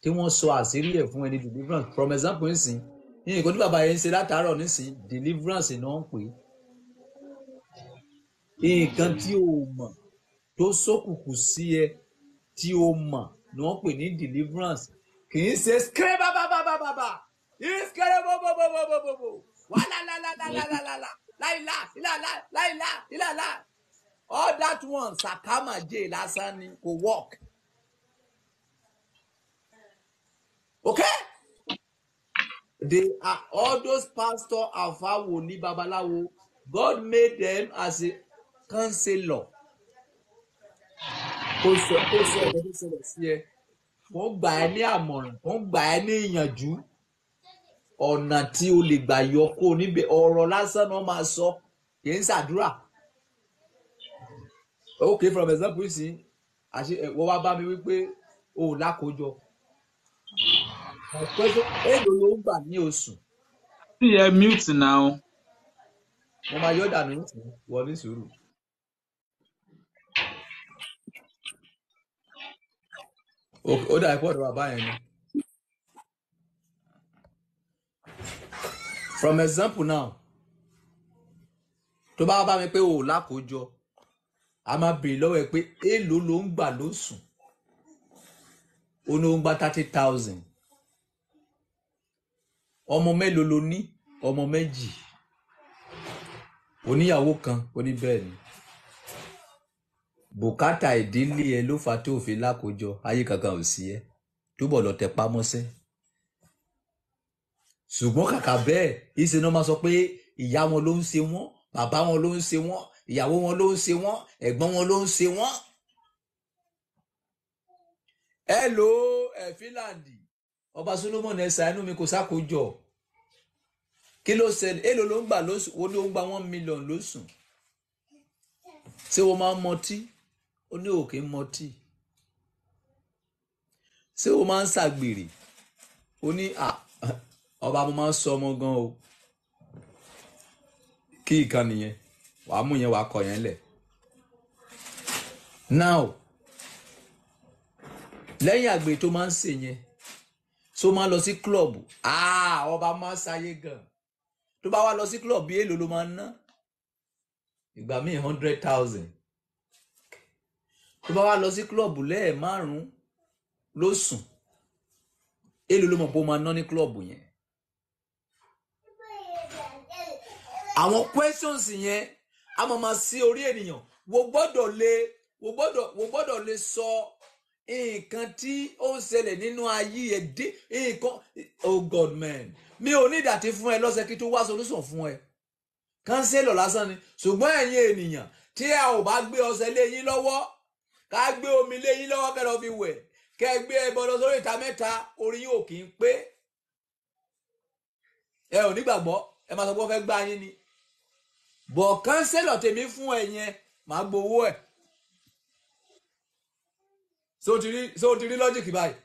tí wọ́n sọ àṣírí ẹ̀ fún ẹ ní deliverance from example nsìn ní nǹkan tí bàbá yẹn ń ṣe látàárọ̀ nísìn deliverance náà ń pè é nǹkan tí o mọ̀ tó ṣókùnkù sí ẹ tí o mọ̀ ni wọ́n pè ní deliverance kì í ṣe skrẹ́ bábábábábá ìsìkẹrẹbọbọbọbọbọbọ wà lálálálálálálá láìlá ìlàlá láìlá ìlàlá all that one sàkámàjẹ lásán ni kò work. okay they are all those pastor alfa wòlíì babaláwo God made them as a counselor kò sọ kò sọ ẹ̀rọ tó ṣẹlẹ̀ sí ẹ wọ́n gbà ẹ́ ní àmọ̀ràn wọ́n gbà ẹ́ ní ìyànjú. ọ̀nà tí o lè gbà yọ kó níbẹ̀ ọ̀rọ̀ lásán náà máa sọ kì í ṣàdúrà. ok from example sí àṣẹ wọ́n wa bá mi wípé o ò lákòójọ. èlò ló ń gbà ní oṣù. sí ẹ mute now. mo máa yọ dànù wọ ní sùúrù. ó dà wà báyẹn ni. from example now tó bá bá mi pé o lákòójọ a máa béèrè lọ́wọ́ ẹ pé èèlò ló ń gbà lóṣù ó ní ń gbà thirty thousand ọmọ mélòó ló ní ọmọ méjì oníyàwó kan oníbẹ́ẹ̀ni bùkátà ìdílé ẹ ló fà tó fi lákòójọ ayé kankan ò sí ẹ túbọ̀ lọ tẹpá mọ́sẹ́ ṣùgbọ́n kàkà bẹ́ẹ̀ ìṣe náà máa sọ pé ìyá wọn ló ń ṣe wọ́n bàbá wọn ló ń ṣe wọ́n ìyàwó wọn ló ń ṣe wọ́n ẹ̀gbọ́n wọn ló ń ṣe wọ́n. ẹ ló ẹ Finland ọba Solomon ẹ ṣàánú mi kò sákòjọ kí ló ṣẹlẹ̀ èlò ló ń gbà lóṣù wo ló ń gba one million lóṣù ṣé wọ́n máa ń mọtí ó ní òkè ń mọtí ṣé wọ́n máa ń ṣàgbèrè ó ní à ọba mo máa ń sọ ọmọ gan o kí ìkan nìyẹn wàá mú yẹn wàá kọ yẹn lẹ̀ now lẹ́yìn àgbè tó máa ń sè yẹn tó máa ń lọ sí club ah ọba máa ń sáyé gan tó bá wá lọ sí club bí èlò ló máa ń ná ìgbà míì hundred thousand tó bá wá lọ sí club lẹ́ẹ̀ márùn-ún ló sùn èlò ló mọ̀ pé ó máa ná ní club yẹn àwọn questions yẹn a máa ma sí orí ènìyàn wo gbọ́dọ̀ lè wo gbọ́dọ̀ wo gbọ́dọ̀ lè sọ nǹkan tí ó ń ṣẹlẹ̀ nínú ayé ẹ̀ dé nǹkan oh god man mi ò ní ìdàtí fún ẹ lọ́sẹ̀ kí tó wá solution fún ẹ kánsẹ́lọ̀ lásán ni ṣùgbọ́n ẹ̀yin ènìyàn tí a ò bá gbé ọṣẹ lé yín lọ́wọ́ ká gbé omi lé yín lọ́wọ́ kẹ́lọ́ fi wẹ̀ kẹ́ gbé ẹbọ lọ sórí ìta mẹ́ta orí yóò kì í pé ẹ ò nígbàgbọ́ ẹ máa sọ pé wọ́n fẹ́ gbá yín ni bọ̀ kánsẹ́lọ̀ tèmi fún ẹ yẹn màá gbowó ẹ̀ so ti rí lọ́jìkì báyìí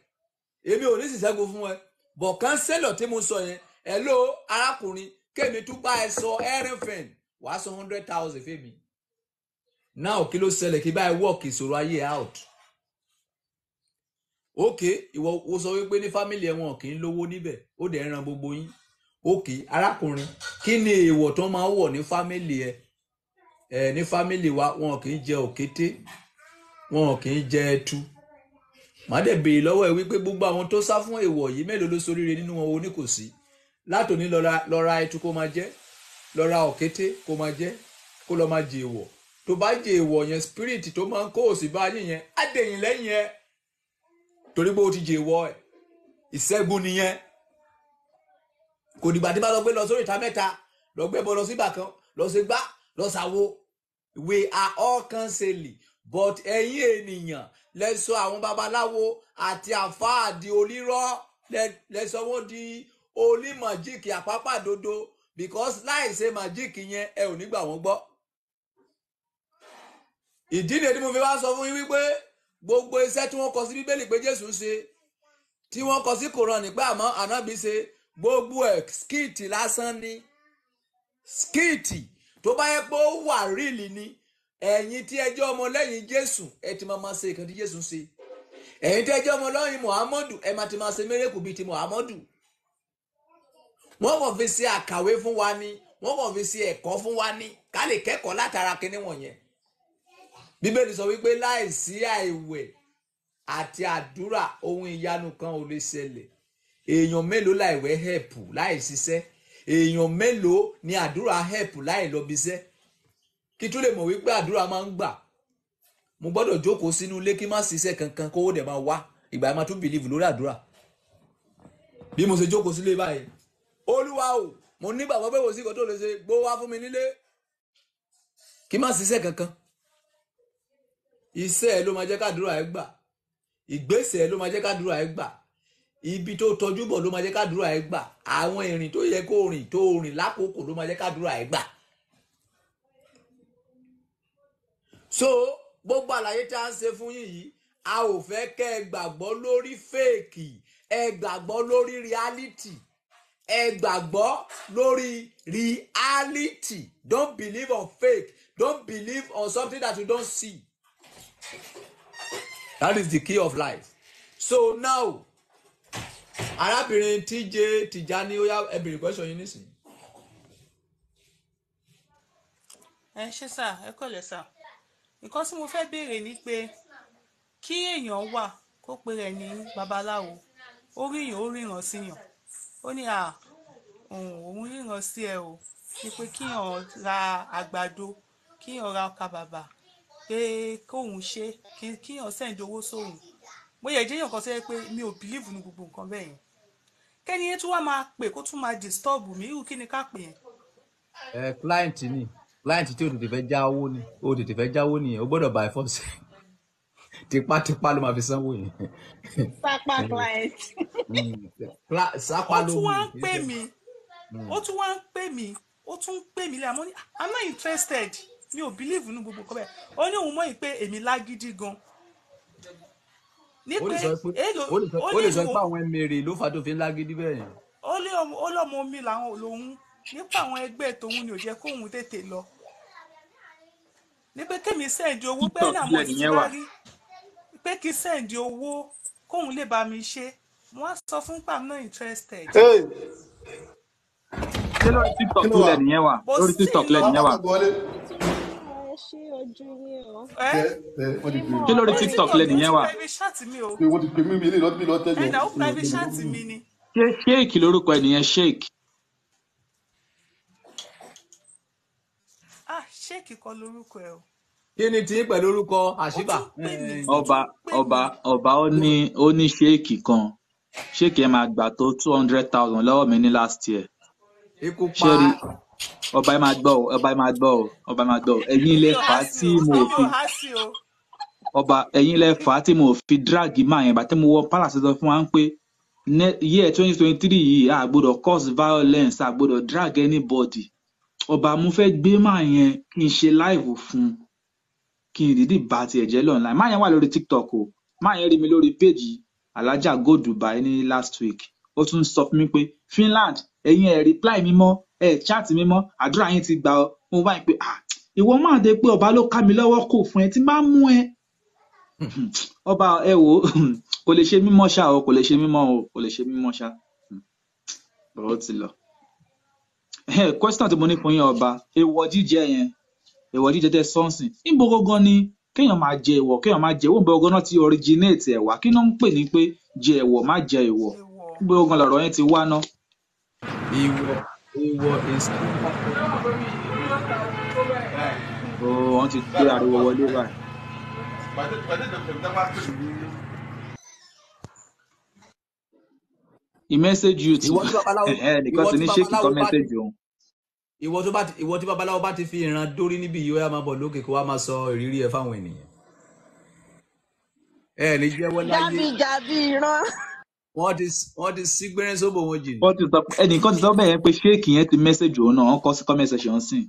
èmi ò ní sísẹ́gun fún ẹ bọ̀ kánsẹ́lọ̀ tí mo sọ yẹn ẹ ló arákùnrin kémi tún bá ẹ sọ ẹrẹ́fẹ̀n wàá sọ hundred thousand fèmí now kí ló ṣẹlẹ̀ kí báyìí work ìṣòro ayé out ok ìwọ wo sọ wípé ní fámìlì ẹ wọn kì í lówó níbẹ̀ ó dẹ̀ ń ran gbogbo yín òkè arákùnrin kí ni èèwọ̀ tó máa ń wọ̀ ní fámìlì ẹ ẹ ní fámìlì wa wọn kì í jẹ òkété wọn kì í jẹ ẹtu màá dẹ̀ béèrè lọ́wọ́ ẹ wípé gbogbo àwọn tó sá fún èèwọ̀ yìí mélòó ló ṣoríire nínú wọn oní kò sí látòní lọ́ra ẹtu kó máa jẹ lọ́ra òkété kó máa jẹ kó lọ́ máa jẹ èèwọ̀ tó bá jẹ èèwọ̀ yẹn spirit tó máa ń kó òsì bá yín yẹn á dẹ̀yìn lẹ́yìn ẹ torí pé ó ti jẹ èèwọ̀ ẹ ìṣẹ́gun nìyẹn kò dìgbà tí bá lọ gbé lọ sórí ìta mẹ́ta lọ gbé bọ lọ sí ìbàkan lọ sí gbá lọ sàwo we are all counseling but ẹ̀yin ènìyàn lẹ́sọ àwọn babaláwo àti àfáà di onírọ́ lẹ́sọ wọn di onímọ̀jíìkì àpápàdodo because láìṣe màjíìkì yẹn ẹ ò ní gbà wọ́n gbọ́ ìdí ni èdè mo fi wá sọ fún yín wípé gbogbo iṣẹ́ tí wọ́n kọ sí bíbélì pé jésù ṣe tí wọ́n kọ sí kòrán nípa àmọ́ ànábì ṣe gbogbo ẹ̀ skiti lásán ni skiti tó bá yẹ pé ó wà ríìlì ni ẹ̀yin tí ẹjọ́ ọmọ lẹ́yìn jésù ẹ ti máa ma ṣe nǹkan tí jésù ṣe ẹ̀yin tí ẹjọ́ ọmọ lẹ́yìn muhammadu ẹ máa ti máa ṣe mérekù bíi ti muhammadu wọ́n kàn fi ṣe àkàwé fún wa ni wọ́n kàn fi ṣe ẹ̀kọ́ fún wa ni ká lè kẹ́kọ̀ọ́ látara kinní wọ̀nyẹn bíbélì sọ wípé láìsí àìwẹ̀ àti àdúrà ohun ìyanu kan ò lè ṣẹlẹ̀ èèyàn mélòó láìwẹ̀ help láì ṣiṣẹ́ èèyàn mélòó ni àdúrà help láì lọ́bíṣẹ́ kí tún lè mọ̀ wípé àdúrà máa ń gbà mo gbọ́dọ̀ jókòó sínú ilé kí má ṣiṣẹ́ kankan kówó dẹ̀ máa wá ìgbà yẹn máa tún believe lórí àdúrà bí mo ṣe jókòó sílé báyìí olúwa o mo nígbàgbọ́ pé kò sí kò tó lè ṣe gbówó wá fún mi nílé kí má ṣiṣẹ́ kankan iṣẹ́ ẹ ló máa jẹ́ kádùúrà ẹ gbà ìgbésẹ̀ ẹ ló máa jẹ́ kádùúrà ẹ gbà ibi tó tọ́jú bọ̀ ló máa jẹ́ kádùúrà ẹ gbà àwọn ìrìn tó yẹ kó rìn tó rìn lákòókò ló máa jẹ́ kádùúrà ẹ gbà. so gbogbo àlàyé tá à ń ṣe fún yín yìí a ò fẹ́ kẹ́ ẹ gbàgbọ́ lórí fèèkì ẹ gbàgbọ́ lórí reality ẹ gbàgbọ́ lórí reality don't believe on fake don't believe on something that you don't see that is the key of life so now arábìnrin TJ Tijani ó yá ẹ bèrè yín nísìnyí. ẹ ṣe sà ẹ kò lè sà nǹkan tí mo fẹ́ béèrè ni pé kí èèyàn wà kó pe rẹ̀ ní babaláwo ó ríyàn ó ríran síyàn ó ní à òun ríran sí ẹ o ni kíyàn ra àgbàdo kíyàn ra ọkà bàbà pé kóun ṣe kíyàn sẹ́ǹdowó sóhun mo yẹ jẹ́ yọ̀kan sẹ́yẹ pé mi ò bìlíìfù ní gbogbo nǹkan bẹ́ẹ̀ yẹn kẹ́ni yẹn tún wá máa pè kó tún máa disturb mi irú kí ni ká pè yẹn. ẹ client ni client tí o tètè fẹ́ jáwó ni o tètè fẹ́ jáwó nìyẹn o gbọ́dọ̀ by force tipátipá ló máa fi sanwó yẹn. sápá client. sápá ló mú un. ó tún wá ń pè mí hmm. ó tún wá ń pè mí ó tún ń pè mí lẹ́yìn àmọ́ I'm not interested mi ò believe nínú gbogbo kọ́ bẹ́ẹ̀ ó ní òun mọ̀ yìí pé èmi lágídí gan-an ní pé èlò ó lè sọ pé àwọn ẹmẹrẹ ló fa tó fi ń lágídí bẹ́ẹ̀. ó lé ọmọ mi làwọn lòun nípa àwọn ẹgbẹ́ tòun ni ò jẹ́ kóun tètè lọ ní pé kémi sẹ́ǹdì owó pé ní àwọn ti bá rí pé kí sẹ́ǹdì owó kóun lè bá mi ṣe wọ́n á sọ fún pam náà interested. ṣé lórí tiktok lẹ́nìyẹn wà lórí tiktok lẹ́nìyẹn wà ẹ ṣe ojú yín o. kí lórí tiktok lẹ́nu yẹn wà. wọ́n ti pè mí mi eléyìí lọ́dún mi lọ́ọ́ tẹ́lẹ̀. ẹ̀dá ó private chat mi ni. ṣé sheik lórúkọ ènìyàn sheik. ah sheik kọ́ lórúkọ ẹ o. kí ni tí ń pẹ̀lú orúkọ àṣìbà. ọba ọba ọba ó ní ó ní sheik kan sheik yẹn máa gbà tó two hundred thousand lọ́wọ́ mi ní last year. ikú pa ọba ẹ máa gbọ́ ọ ọba ẹ máa gbọ́ ọ ọba ẹ máa gbọ́ ọ ẹ̀yin lẹ fà á tí mo fi ọba ẹ̀yin lẹ fà á tí mo fi dírágì máa yẹn bá tí mo wọ palace fún wa ń pé year twenty twenty three yìí a cause violence a gbọ́dọ̀ drag anybody ọba mo fẹ́ gbé máa yẹn kí n ṣe live fún un kí n dìídì bá tiẹ̀ jẹ́ lọ́nà máa yẹn wà lórí tiktok o máa yẹn rí mi lórí péjì alájà go Dubai ní last week ó tún sọ fún mi pé Finland ẹ̀yin ẹ̀ reply mi mọ́ ẹ chat mi mọ́ àdúrà yín ti gbà ọ́ mo bá yín pé ah ìwọ máa de pé ọba ló ká mi lọ́wọ́ kò fún ẹ tí máa mú ẹ ọba ẹ wò kò lè ṣe mímọ́ ṣá o kò lè ṣe mímọ́ o kò lè ṣe mímọ́ ṣá ọ̀rọ̀ ti lọ. question tí mo ní fún yín ọba èèwọ̀ jíjẹ yẹn èèwọ̀ jíjẹ tẹ sọ́ọ̀sì níbo gangan ni kéèyàn máa jẹ èèwọ̀ kéèyàn máa jẹ èèwọ̀ níbo gangan náà ti originate ẹ̀ wá kí náà ń pè ní pé jẹ èèwọ̀ má jẹ èèwọ̀ níbo gangan lọ̀rọ̀ yẹn ti wá ná. èèwọ̀ wọ instagram o wọn ti gbé ariwo wọlé báyìí. he message you too eh, nìkan sì ní ṣéèkì kan message òun. ìwọ tí babaláwo bá ti fi ìran dórí níbi yìí ó yá máa bọ̀ lókè kó wá máa sọ ìrírí ẹ fáwọn ènìyàn. ẹ ní jẹ́wọ́ láyé. jábìjábì ìran wọ́n ti wọ́n ti sí gbẹ́rẹ́ sóbò wọn jì. wọ́n ti sọ ẹnìkan ti sọ bẹ́ẹ̀ yẹn pé ṣéèkì yẹn ti mẹ́sẹ̀jì òun náà wọ́n kọ́ sí comment section sí i.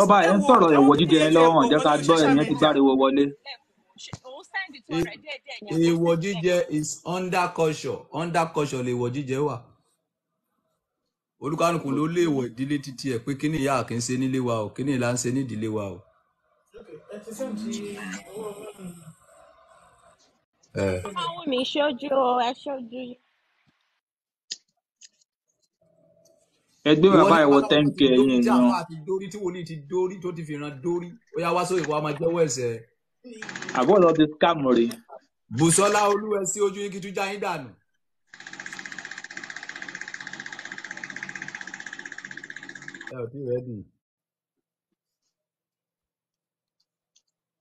ọba ẹ̀ ń sọ̀rọ̀ ẹ̀wọ̀ jíjẹ yẹn lọ́wọ́ wọn jẹ́ ká gbọ́ ẹ̀ yẹn ti gbáriwo wọlé. ìwọ̀ jíjẹ is under culture under culture lè wọ̀ jíjẹ wà. olùkọ́nùkù ló lè wọ̀ ìdílé títí ẹ̀ pé kíní ìyá kì í ṣe nílé wa o kíní ìlà ń ṣe nídìílé wa o ẹ Fáwọn mi ṣojú o, ẹ ṣojú. ẹ gbé ìwọ bàbá ní ẹ wọ pátápátá 10k ti dórí ẹ̀yin tí èèyàn àfa ti dórí tí wòlíì ti dórí tó ti fìran dórí ó yá wá sóyìnbó a máa jẹ́wọ́ ẹ̀ṣẹ̀ ẹ̀. ti scam rí Bùsọ́lá olúwẹ sí ojú yín kí tún já yín dànù.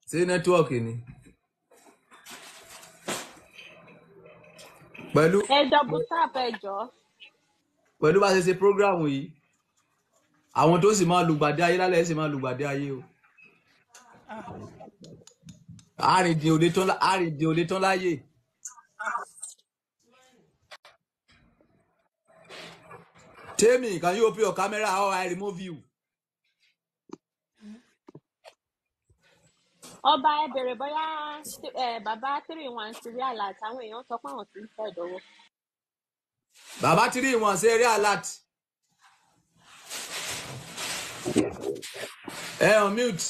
ṣé nẹ́tíwọ́ọ̀kì ni. pẹ̀lú. ẹjọ bùtàp ẹjọ. pẹ̀lú bá a ṣe ṣe prógráàmù yìí àwọn tó sì máa lùgbàdì ayé lálẹ́ sì máa lùgbàdì ayé o. àrìndìn òde tán àrìndìn òde tán láyè. Temi, can you open your camera or I remove you? ọba ẹ bèrè bóyá bàbá three one ti rí alert àwọn èèyàn sọ pé àwọn ti ń fẹ́ ìdánwò. bàbá three one ṣe rí alert. ẹ on mute.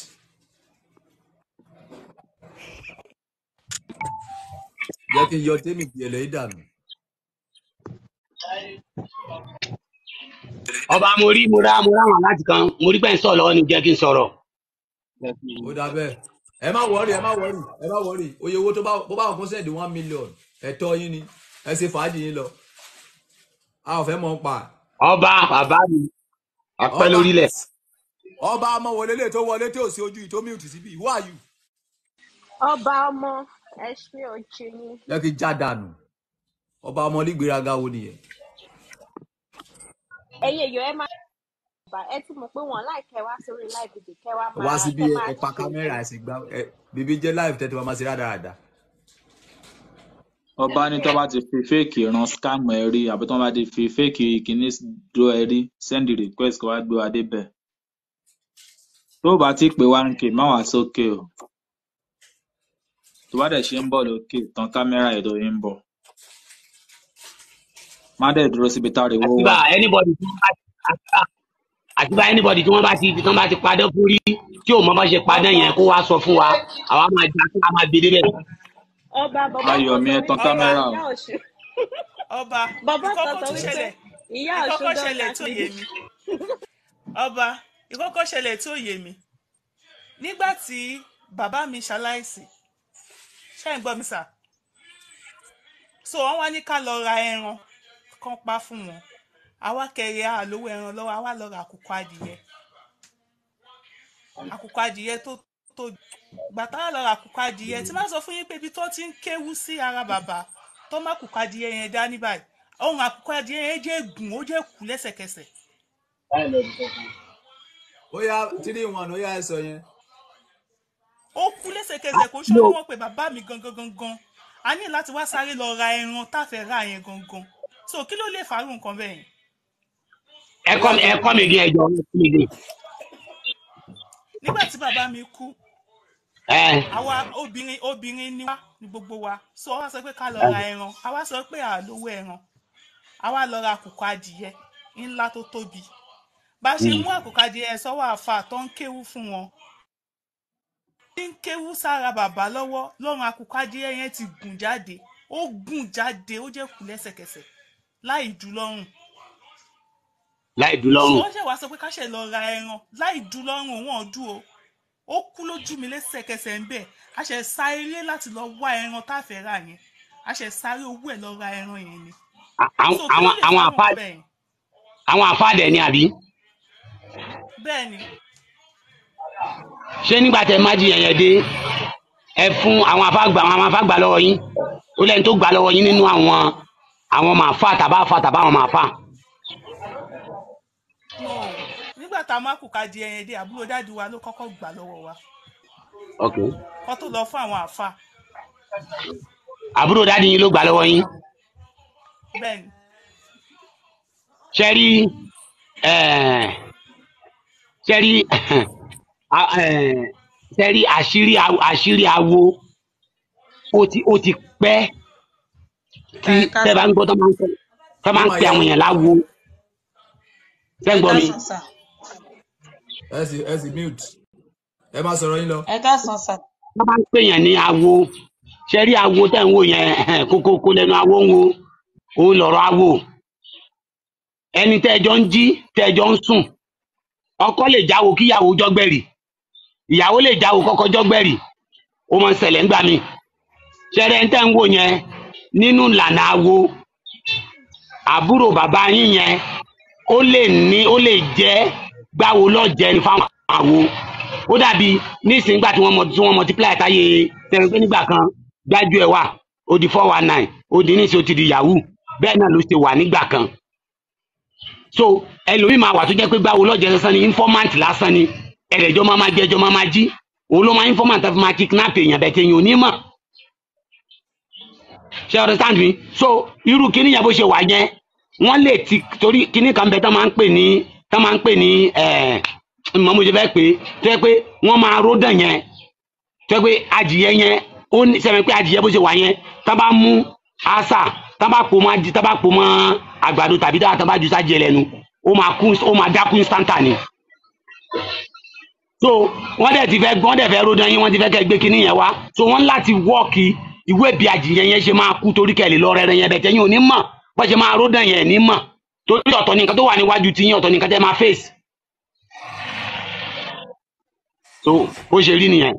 jẹ́ kí n yọ tèmi di ẹlẹ́yìí dànù. ọba mo rí mo rá mo ráwọn aláàtì kan mo rí pé ń sọ lọ́wọ́ ni jẹ́ kí n sọ̀rọ̀. ó dà ẹ má wọrí ẹ má wọrí ẹ má wọrí oye owó tó bá wà fún sẹ́ẹ̀dì one million ẹ̀tọ́ yín ni ẹ ṣe fàájì yín lọ a ò fẹ́ mọ̀ pa. ọba bàbá mi àpẹ lórílẹ̀. ọba ọmọ wọlé lè tó wọlé tí ò sí ojú ìtó mi ò who are you. ọba ọmọ ẹ ṣe ojú yín. jẹ́ kí já dànù ọba ọmọ onígbèéraga wo nìyẹn. ẹ̀yin èèyàn ẹ máa bá ẹ ti mọ̀ pé wọ́n láì kẹwàá sórí live video kẹwàá máa wá síbi ẹ̀pà kámẹ́rà ẹ̀sìn gbá bíbí jẹ́ live tẹ́tí wọ́n máa ṣe rádaràda. ọba ní tó ti fi fake ran scam ẹ rí àbí tó bá ti fi fake kìíní dó ẹ rí send request kó wá gbé wa débẹ̀ tó bá ti pé one k má wá sókè o tó bá dẹ̀ ṣe ń bọ̀ lókè tán kámẹ́rà ẹ̀ lórí ń bọ̀ má dẹ̀ dúró síbi táriwo wà. àti àti bá anybody tí wọ́n bá ti tí wọ́n bá ti padà fún rí tí ò mọ bá ṣe padà yẹn kó wá sọ fún wa àwa máa jà kí a máa bèrè bẹ́ẹ̀. ọba bàbá ayọ̀mí ẹ tán kámẹ́rà o. ọba bàbá kọ́kọ́ tó ṣẹlẹ̀ ìyá ọ̀ṣun dọ́là tó yé mi. ọba ìkọ́kọ́ ṣẹlẹ̀ tó yé mi nígbà tí bàbá mi ṣaláìsí ṣe ń gbọ́ mi sà so wọ́n wá ní ká lọ ra ẹran kan pa fún wọn àwa kẹrẹ àlówó ẹran lọ́wọ́ àwa lọ ra àkùkọ adìyẹ àkùkọ adìyẹ tó tó gbàtà wà lọ ra àkùkọ adìyẹ tí má sọ fún yín pé ibi tó ti ń kéwu sí ara bàbá tó má àkùkọ adìyẹ yẹn dání báyìí ohun àkùkọ adìyẹ yẹn jẹ́ gùn ó jẹ́ kù lẹ́sẹ̀kẹsẹ̀. ó tírí ìwọ̀n ó yá ẹ yẹn. ó kú lẹ́sẹ̀kẹsẹ̀ kó ṣe wọ́n pé bàbá mi gangan gangan a ní láti wá sáré lọ ra ẹran táfẹ́ rà yẹn gangan so kí ló lè fàárù nǹkan bẹ́ẹ̀ yẹn ẹ kọ́ mi ẹ kọ́ mi dín ẹjọ́ ẹ kọ́ mi dín. nígbà tí bàbá mi kú àwa obìnrin obìnrin ni wá ní gbogbo wa so àwa sọ pé ká lọ ra ẹran àwa sọ pé à lówó ẹran àwa lọ ra àkùkọ adìyẹ ńlá tó tóbi bá ṣe hmm. mú àkùkọ adìyẹ sọ́wọ́ àfa tó ń kéwú fún wọn tí kéwú sára bàbá lọ́wọ́ lọ́rùn àkùkọ adìyẹ yẹn ti gùn jáde ó gùn jáde ó jẹ́ kù lẹ́sẹ̀kẹsẹ̀ láì jù láì dú lọ́rùn. wọ́n ṣe wá sọ pé ká ṣe lọ ra ẹran láì dú lọ́rùn òun ó o ó kú lójú mi lẹ́sẹ̀kẹsẹ̀ ń bẹ̀ a ṣe sá eré láti lọ wá ẹran tá a fẹ́ rà yẹn a ṣe sáré owó ẹ̀ lọ ra ẹran yẹn ni. àwọn àfáàdẹ àwọn àfáàdẹ ni àbí. bẹ́ẹ̀ni. ṣé nígbà tẹ má jiyàn yẹn dé ẹ fún àwọn afágbà àwọn afágbà lọ́wọ́ yín ó lẹ́ni tó gbà lọ́wọ́ yín nínú àwọn àwọn màáfà tàbá àfà tàbá àwọn màáfà nígbà tá a má kù ká di ẹyẹn dé àbúrò dáàdi wa ló kọ́kọ́ gbà lọ́wọ́ wa kó tó lọ fún àwọn àfa. àbúrò dáàdi yín ló gbà lọ́wọ́ yín. bẹ́ẹ̀ni. ṣe rí ṣe rí ṣe rí àṣírí àṣírí awo ó ti pẹ́ tí tẹ́ bá ń gbọ́ tó máa ń pẹ́ àwọn èèyàn láwo. fẹ́ gbọ́ mi. ẹ sì ẹ sì mute ẹ máa sọ̀rọ̀ yín lọ. ẹ ká sà. wọ́n bá ń ní awo ṣe rí awo tẹ̀ ń wò yẹn kókókó lẹ́nu awo ń wo òun lọ̀rọ̀ awo ẹni ń jí ń sùn ọkọ lè jáwó kíyàwó ìyàwó lè ó lè jẹ́ gbáwo lọ́jẹ́ ni fáwọn àwo ó dàbí nísìnyí nígbà tí wọ́n mọ tí wọ́n multiply táyé tẹ̀wé pé nígbà kan gbájú ẹ̀ wà ó di four one nine ó di nísìnyí ó ti di yahoo bẹ́ẹ̀ náà ló ṣe wà nígbà kan so ẹlòmíì máa wà tó jẹ́ pé gbáwo lọ́jẹ́ lásán ni informant lásán ni ẹ̀rẹ̀jọ́ máa máa jẹ́jọ́ máa máa jí òun ló máa informant fi máa kidnap èèyàn bẹ́ẹ̀ tẹ̀yìn onímọ̀ ṣe understand mi so irú kíníyàn bó ṣe wà yẹn wọ́n lè ti torí kíní kan bẹ tán máa ń pè ní tán máa ń pè ní eh, mọ mo ṣe fẹ́ pé tó yẹ pé wọ́n máa ródàn yẹn tó yẹ pé adìyẹ yẹn ó ní sẹ́mi pé adìyẹ bó ṣe wà yẹn tá bá mú àṣà tá bá pò mọ́ tá bá pò mọ́ àgbàdo tàbí tá bá ju sájẹ lẹ́nu ó máa kú ó máa dákú instanta ni so wọ́n dẹ̀ ti fẹ́ wọ́n dẹ̀ fẹ́ ródàn yín wọ́n ti fẹ́ kẹ́ gbé kíní yẹn wá so wọ́n láti wọ́ọ̀kì ìwé ìbí adìyẹ yẹn ṣe máa kú torí kẹ́lẹ́ lọ́rẹ́rẹ́ yẹn bẹ̀ tẹ́yìn ò ní mọ̀ bọ́n ṣe máa ródàn yẹn ní mọ̀ torí ọ̀tọ̀ ni nǹkan tó wà níwájú ti yín ọ̀tọ̀ ni nǹkan tẹ́ máa fèsì so bó ṣe rí nìyẹn.